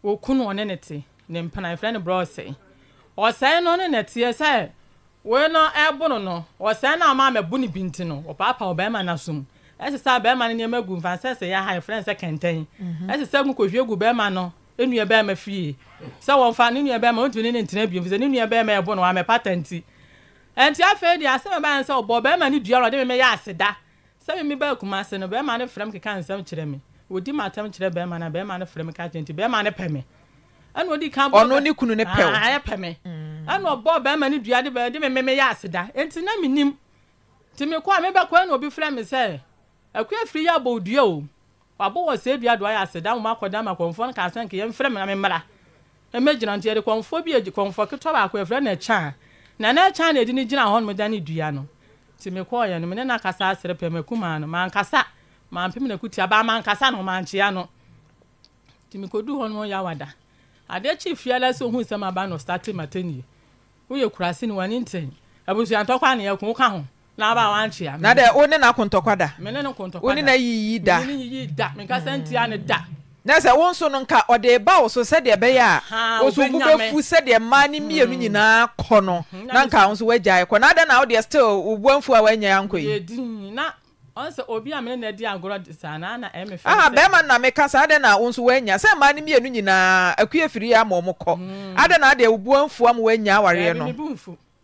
wɔku no ɔne ne te ne mpana ɛfrɛ no brɔɔsɛe ɔsɛe no ne nɛteɛ sɛ wei no ɛbo no no ɔsɛe no a ɔma mɛbo ne bi no ɔpaapa ɔbɛrima no asom ɛsesa bɛrima no nneɛma gu mfansa sɛ yɛ aha yɛfrɛ sɛ kɛntɛn ɛsesa gu kɔhwie gu bɛrima no enua bɛrima fie sɛ wɔmfa ne nua bɛrima ontumi ne ntena bio fisɛ ne nua bɛrima ɛbɔ no wamɛ patanti ɛnti afei deɛ asɛm ɛbɛn sɛ ɔbɔ bɛrima no dua ɔde mɛmɛ yɛ aseda sɛ mɛmɛ bɛɛ e kuma ase no bɛrima no frɛm keka nsɛm kyerɛ mi wodi ma atɛm kyerɛ bɛrima no bɛrima no frɛm ka kyerɛ nti bɛrima no pɛ mi ɛna odi kan bɔ ɔno ne kunu ne pɛw ɛyɛ ah, e pɛ mi ɛna ɔbɔ bɛrima no dua de mɛmɛ yɛ aseda nti na mi nim nti mi kɔ a mi bɛ kɔ ɛna obi frɛ mi sɛ ɛkò efiri yɛ abɔ odua o wabɔ wɔ sɛ ebi adoa yɛ aseda mo akɔda ma kɔnfɔ no kasa nke yɛn mfrɛ mi na mi mmara ɛmɛ gyina nti yɛde kɔnfɔ bi egi kɔnfɔ ketewa baako efirɛ na ɛkyan na na ɛkyan na yɛde ne gyina hɔ nom da ne dua no ti mi kɔɔ yɛ no mi ne na kasa asere pɛ mɛku maa no maa nkasa maa mpem na kutia baa maa nkasa no maa nkyia no ti mi kodu hɔ no yɛ awada adeɛ kyi fia la sɛ ohun sɛm aba no starting maternity woyɛ kurasi ni wani ntɛn abusuantɔkwa ni ɛkò ka ho n'aba wa nkye ya. na dɛ o ne na kontɔkwa da. mene ne ne kontɔkwa da o ne na yiyi da. mɛ ne yiyi da mɛ nkasa ntia ne da. na sɛ wo nso no nka ɔde ba wo so sɛdeɛ ɛbɛyɛ a wo so wo bɛfu sɛdeɛ mmaa ne mmienu hmm. nyinaa kɔ no hmm. na nka wo nso woagyae kɔ na adɛn na wodeɛ still wo buamfu a woanya ankɔ yi ɔnsɛ obi a mene na di agorɔ saa na na ɛmɛ fɛ aha bɛrima na meka saa adɛn na wo nso woanya sɛ mmaa ne mmienu nyinaa akua firi ama ɔmo kɔ hmm. adɛn na adeɛ wo buamfu ama woanya awareɛ no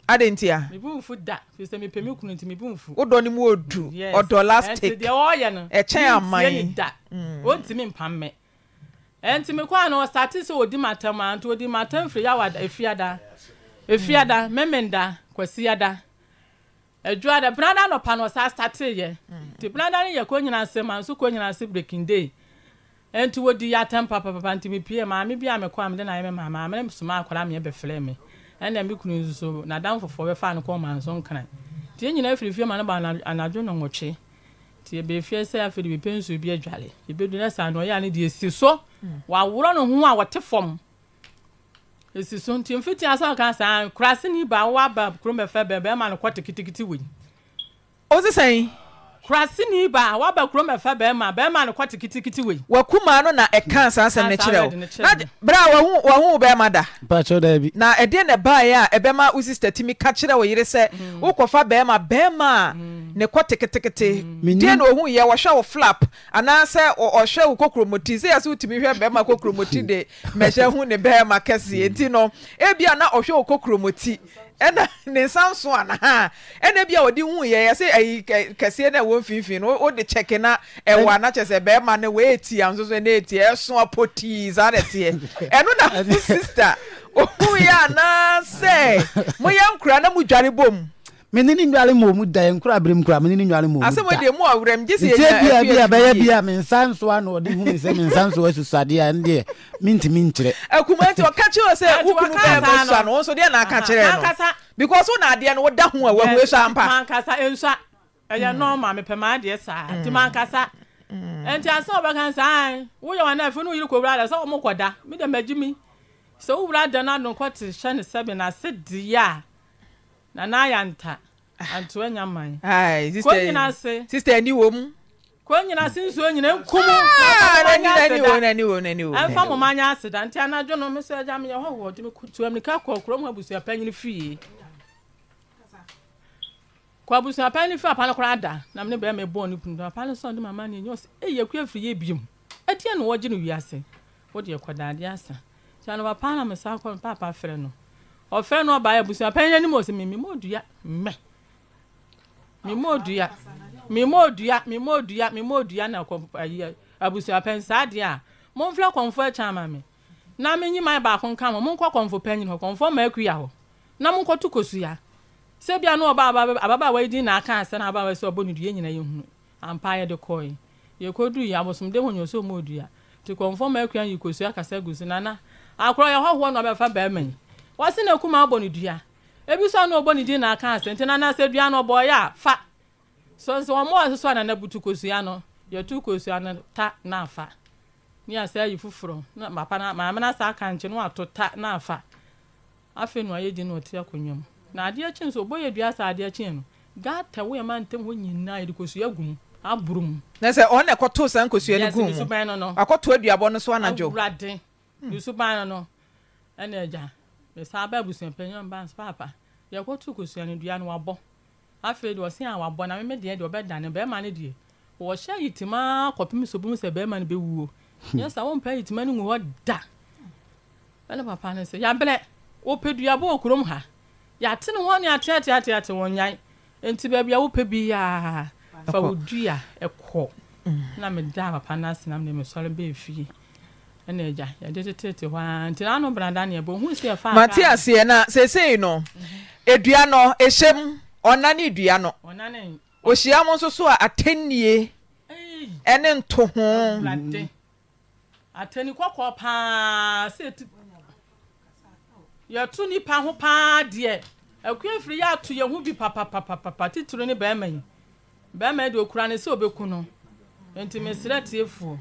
ade nti a. mi bu nfu da fisɛ mi pɛ mi kunu nti mi bu nfu. o dɔ ni mu o du ɔdɔ last take ɛnti deɛ ɔɔyɛ no ɛkyɛn aman yi mi ntie ni da hmm. o nti mi mpa mɛ ɛnti mi kɔ ano ɔsate sɛ odi ma tɛm anto odi ma tɛm firi yawa efiada efiada mɛmɛnda kwasiada ɛdwada brada nɔpa na ɔsa sate yɛ nti brada no yɛ kɔ nyina ase ma nso kɔ nyina ase breaking day ɛnti wodi yɛ atɛm papapapa nti mi pie maame bi a mi kɔ a mi de na ayɛ mi maame maame ne akɔla mi yɛ filɛ mi ɛna mi kunu nso n'adan foforɔ bɛfa no kɔn manso nkran tie nyinaa firi fie ma no ba anadwo nɔnwɔtwe tie beefie sɛ afei de bepe nsuo bi adwale ebi dun ɛsa ano ɔyɛ ano deɛ esi so hmm. waworɔ no ho a wɔte fam esi so nti mfiti asa ɔka saa kurase ni ba awo aba kurom ɛfɛ bɛɛ bɛɛ ma no kɔ tikitikiti wɔ yi. o ti sɛn. kurasini ba waba kurom ɛfa bɛrima bɛrima no kɔ te kitikiti wei. wakuma no na ɛka saa asɛm ne o na bere a wahu wahu bɛrima da. mpatsɔ dɛbi. na ɛdeɛ na ɛbaayɛ a ɛbɛma o sista timi ka o yere sɛ wokɔfa bɛrima bɛrima a ne kɔ teketekete deɛ na ohu yɛ wɔhwɛ wo flap anaasɛ ɔhwɛ wo kokuromoti sɛ yɛsɛ wotumi hwɛ bɛrima kokuromoti de mɛhyɛ hu ne bɛrima kɛseɛ mm. nti no ebia na ɔhwɛ wo kokuromoti. ɛna ne nsa nso ana ɛna bi a wɔde hu yɛ yɛsɛ ɛyi kɛseɛ na ɛwɔ mfimfini no wɔde kyɛkɛ na ɛwɔ ana kyɛ sɛ bɛrima no wɔ eti a nso so ɛna eti ɛso apɔ tii saa de teɛ ɛno na mo sista ohun yɛ ana mo yɛ nkura na mo dware bom mene ne nnuale ma mu da nkora berɛ mu kora mene ne nnuale ma ntie bia bia bɛyɛ bia mensa nsoa na ɔde hu sɛ mensa nsoa asusuadeɛ a ndeɛ mentimi nkyerɛ akuma nti ɔka kyerɛ sɛ wokunu bɛɛ bɛsua no wo nso deɛ na aka kyerɛ no because wo na adeɛ no woda ho a wahu ɛsua mpa mankasa ɛnsua ɛyɛ mm. nɔɔma mepɛ ma adeɛ saa mm. nti mankasa mm. nti asɛ wɔbɛka saa woyɛ wɔn na afi no yiri kɔ wura da sɛ wɔn da mi dɛm agyi mi sɛ wowura da na ase na n'aya nta antoa nya man. ayi sista yi konyina se. sista yi ni wo mu. konyina se nsuo nyina nkumu. Ah, nani wo nani wo nani wo. ɛnfa mo ma nya nti anadwo no mi sɛ ɛgya mi yɛ hɔhɔ de mi tuam ne ka kɔ kurom abusua panyin fie kɔ abusua panyin fie apane koraa da na mi ne bɛrɛ mi bɔ ne kunu apane sɔn de mama ne nyɛ ɔsɛ eyi ekura firi yɛ biem ɛdiɛ na wɔgye no wiase wɔde ɛkɔ daade asa kyɛn no papa na mi sa kɔ mi papa fɛrɛ no ɔfɛ no ɔba yɛ busua panyin anim ɔsɛ mi mi mo dua mɛ mi mo dua mi mo dua mi mo dua mi mo dua na kɔ ayi abusua panyin saa a mo n filɛ kɔnfɔ ɛkyɛn ama mi na mi nyi maa baako nka mo mo nkɔ kɔnfɔ panyin hɔ kɔnfɔ maa ekuya hɔ na mo nkɔ tu kosua sebia no ɔba ababaawa yi din na aka asa na ababaawa yi sɛ ɔbɔ ne nyina yɛ hunu ampa yɛ de kɔɛ yɛ kɔ du yi abosomde hɔn yɛ sɛ ɔmo dua te kɔnfɔ maa ekuya yi kosua kasa gu so nana akɔrɔ yɛ hɔhoɔ na ɔbɛfa bɛrima yi. wasi na ekum abɔ ne dua ebi so ano ɔbɔ ne na aka ase nti nana sɛ dua no ɔbɔ yɛ a fa so nso wɔn a ɔsoso anana butu kosua no yɛtu kosua no ta na afa ne asa ayi foforɔ na papa na maame na asa aka nkye no ato ta na afa afei no ayɛ di na ɔte akonnwa mu na adeɛ kyi nso ɔbɔ yɛ dua sa adeɛ kyi no gata wo yɛ ma ntɛm hɔ nyinaa yɛde kosua gu mu aburu mu. na sɛ ọ na ɛkɔto saa nkosua no gu mu akɔto aduabɔ no so anadwo awurade yusuban nọ ndị ɛna agya. saa bɛɛ busuampanyin ba nso paapa yɛkɔtu kusua no dua no wabɔ afei deɛ ɔsi a wabɔ na mɛmɛ deɛ deɛ ɔbɛdane bɛrima no deɛ wɔhyɛ yitimaa kɔpem so bi mu sɛ bɛrima no bɛwuo nyɛ hmm. sa wɔn mpɛ yitimaa no mu hɔ da ɛna papa no sɛ yabrɛ wɔpɛ dua bɔ wɔ kurom ha yɛate ne wɔn ne ateateateate wɔn nyan nti baabi a wɔpɛ bi yaa fa wɔ dua ɛkɔ hmm. na mɛ da papa no ase na mɛ sɔre bɛɛ fie ɛna agya yɛde tetete hɔ a nti n'ano brada ne ɛbɔ ohun si ɛfa. mate aseɛ na seesei no mhm. edua no ehyɛ mu ɔnane edua no ohyia mu nso so a atɛnnie ɛne nto ho. atɛni kɔkɔɔ paa se ti yɛtu nipa ho paa deɛ akuya firi yɛ ato yɛn ho bi papapapapa titiri ne bɛrima yi bɛrima yi de okura ne se obeku no. asɛm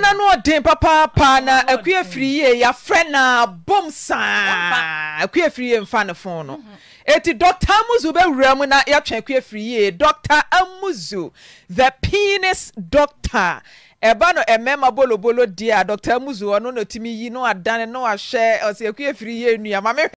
na na ɔden papaapaa na akua firi yie yafrɛ naa bom saa akua firi yi mfa ne fo no ɛnti mhm. dɔa amuzo bɛwura mu na yɛatwe akua firi yie dɔr amuzo the peanest doctar ɛba no ɛmama bolobolo diɛ a dɔa amuzo ɔno no tumi yi na wadane na wahwɛ ɔsi akua firi yie nnuamame